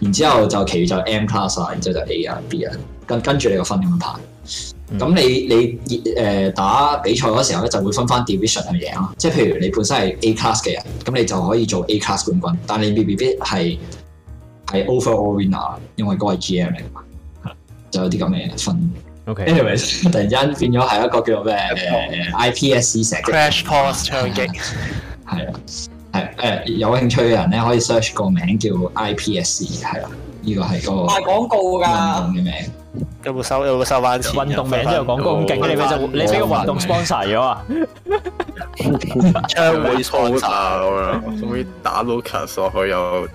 然之後就其餘就 M class 啦，然之後就 A 啊 B 啊，跟跟住你個分咁樣排。咁你你誒打比賽嗰時候咧，就會分翻 division 嘅嘢咯。即係譬如你本身係 A class 嘅人，咁你就可以做 A class 冠軍。但係 B B B 係係 Over All Winner，因為嗰個係 G M 嚟噶嘛。係就有啲咁嘅分。O K，Anyway，突然之間變咗係一個叫做咩誒 I P S C Crash Course 係啊。誒、呃、有興趣嘅人咧可以 search 個名叫 IPSC 係啦，呢、這個係個運。大廣告噶。運動嘅名。有冇收有冇收返錢？運動名都有廣告咁勁，你俾就你俾個運動 sponsor 咗啊！商會 sponsor 啊，仲 可以打到 cash 去又。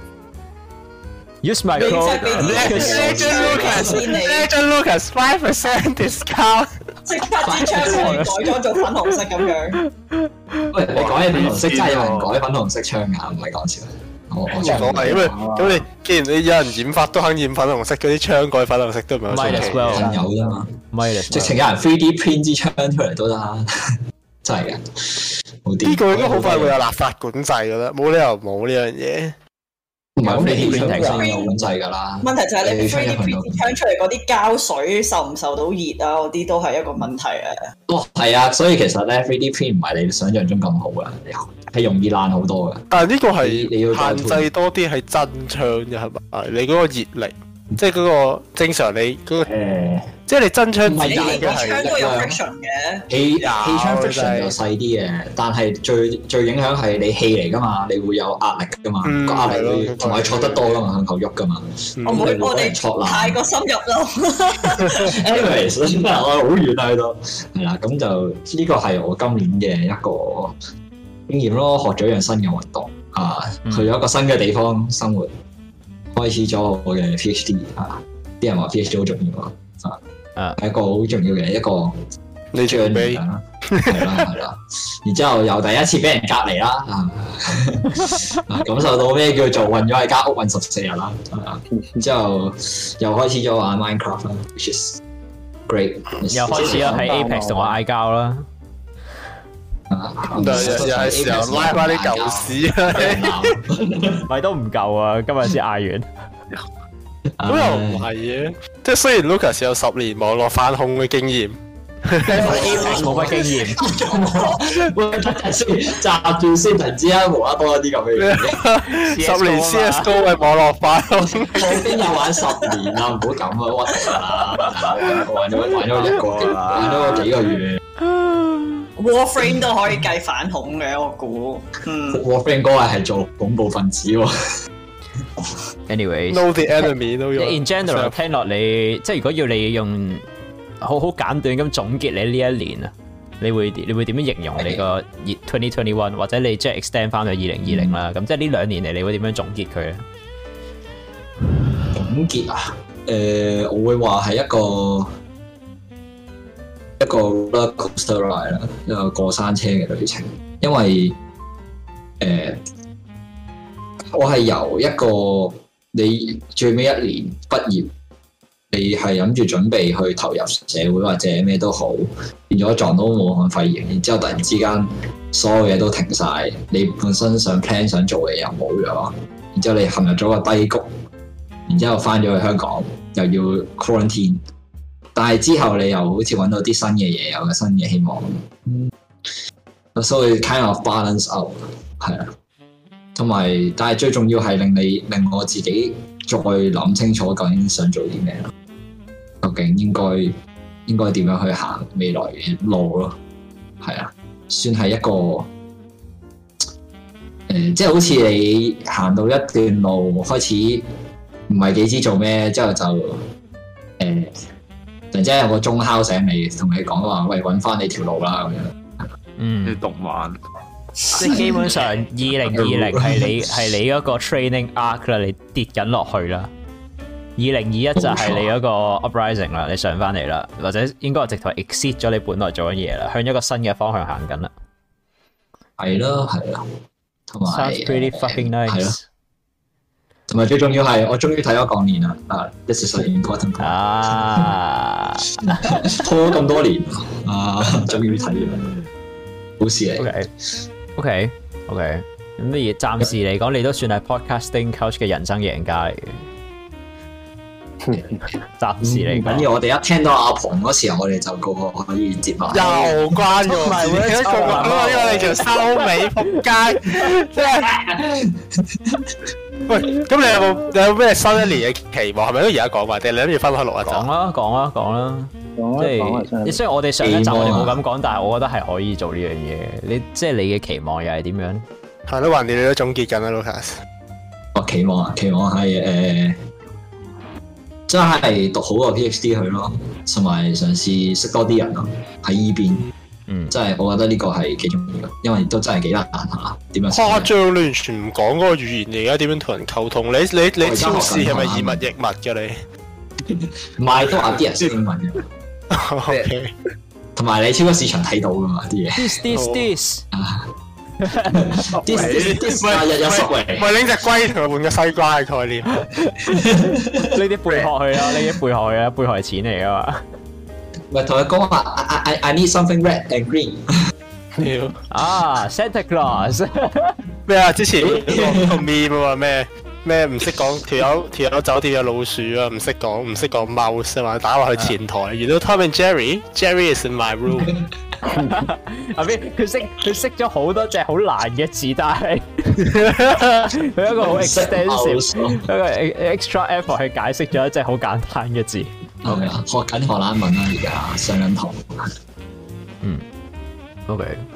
Use my code. Legend Lucas, Legend Lucas, five percent discount。即刻支槍出嚟改咗做粉紅色咁樣。喂，你改粉紅色，真係有人改粉紅色槍噶，唔係講笑。我我我係咁啊！咁你既然你有人染髮都肯染粉紅色，嗰啲槍改粉紅色都唔係朋友啫嘛，咪直情有人 three D print 支槍出嚟都得。真係嘅，呢個應該好快會有立法管制嘅啦，冇理由冇呢樣嘢。唔係，咁你 3D Print 有管制噶啦。問題就係你 3D Print 唱出嚟嗰啲膠水受唔受到熱啊？嗰啲都係一個問題啊。哦，係啊，所以其實咧 3D Print 唔係你想象中咁好噶係容易爛好多噶。但係呢個係你要限制多啲，係真槍係咪？你嗰個熱力。即係嗰個正常你嗰個誒，即係你真槍唔係，氣槍都有 fashion 嘅。氣氣槍 fashion 又細啲嘅，但係最最影響係你氣嚟噶嘛，你會有壓力噶嘛，個壓力會同埋戳得多嘛，向後喐噶嘛。我唔會我哋戳太個深入咯。Anyway，我好遠喺度，係啦，咁就呢個係我今年嘅一個經驗咯，學咗一樣新嘅運動啊，去咗一個新嘅地方生活。開始咗我嘅 PhD 啊！啲人話 PhD 好重要啊，係、啊、一個好重要嘅一個里程碑啦，係啦係啦。然之後又第一次俾人隔離啦，啊 感受到咩叫做困咗喺間屋困十四日啦。然之後又開始咗玩 Minecraft 啦 is，Great！又開始咗喺 Apex 同我嗌交啦。第時係時候拉翻啲舊屎，咪都唔夠啊！今日先嗌完，咁又唔係嘅，即係雖然 Lucas 有十年網絡反恐嘅經驗 l e v e A 冇乜經驗，冇乜都係先揸住 Stephen 無乜多啲咁嘅嘢， 十年 CS Go 嘅網絡反恐，我邊有玩十年啊！唔好咁啊，我 有有玩咗一個，玩咗 幾個月。 Warframe 都可以計反恐嘅，我估。Warframe 嗰位係做恐怖分子喎。Anyway，know the enemy 都用。In general，聽落你，即係如果要你用好好簡短咁總結你呢一年啊，你會你會點樣形容你個二 twenty twenty one，或者你即係 extend 翻去二零二零啦？咁即係呢兩年嚟，你會點樣總結佢？總結啊？誒，我會話係一個。一個 roller coaster ride 啦，一個過山車嘅旅程。因為誒、欸，我係由一個你最尾一年畢業，你係諗住準備去投入社會或者咩都好，變咗撞到武漢肺炎，然之後突然之間所有嘢都停晒。你本身想 plan 想做嘅又冇咗，然之後你陷入咗個低谷，然之後翻咗去香港又要 quarantine。但係之後你又好似揾到啲新嘅嘢，有個新嘅希望，所以、嗯 so、kind of balance out，係啊，同埋但係最重要係令你令我自己再諗清楚究竟想做啲咩咯，究竟應該應該點樣去行未來嘅路咯，係啊，算係一個誒，即、呃、係、就是、好似你行到一段路開始唔係幾知做咩之後就誒。呃或者有個鐘敲醒你，同你講話，喂，揾翻你條路啦咁樣。嗯，動漫，即基本上二零二零係你係你嗰個 training arc 啦，你跌緊落去啦。二零二一就係你嗰個 uprising 啦，錯你上翻嚟啦，或者應該直頭 exit 咗你本來做嘅嘢啦，向一個新嘅方向行緊啦。係咯，係咯，同埋。同埋最重要係，我終於睇咗講年啦！Uh, 啊，一四年開通，拖咗咁多年， 啊，終於睇啦！好事嚟，OK，OK，OK、okay. okay. okay. 咁而暫時嚟講，你都算係 Podcasting Coach 嘅人生贏家嚟。暫時嚟緊要，我哋一聽到阿 Pong 嗰時候，我哋就個個可以接埋。又關咗，因為因為因為叫收尾仆街。即喂，咁你有冇有咩新一年嘅期望？係咪都而家講埋？定你諗住分開六日講啦，講啦，講啦。即係，雖然我哋上一集我哋冇咁講，但係我覺得係可以做呢樣嘢。你即係你嘅期望又係點樣？係咯，橫掂你都總結緊啦，Lukas。我期望啊，期望係誒。真係讀好個 PHD 去咯，同埋嘗試識多啲人咯喺依邊，嗯，真係我覺得呢個係幾重要嘅，因為都真係幾難下。點啊？誇張！你完全唔講嗰個語言，而家點樣同人溝通？你你你，你超市係咪移物易物嘅你？賣多啲人英文嘅，同埋你超級市場睇到嘅嘛啲嘢。This this this 啊！ 喂，拎隻龜同佢換個西瓜嘅概念，呢啲貝殼去啊，呢啲貝殼嘅貝殼係錢嚟啊嘛。咪同佢講話，I I I need something red and green。係啊。啊，Santa Claus。咩啊？之前有冇咩？咩唔識講？條友條友酒店有老鼠啊！唔識講，唔識講 mouse 啊嘛，打落去前台。遇到 Tom and Jerry，Jerry is in my room。後邊佢識佢識咗好多隻好難嘅字，但係佢一個好 extensive，一個 extra effort 去解釋咗一隻好簡單嘅字。O K，學緊荷蘭文啊，而家上緊堂。嗯，O K。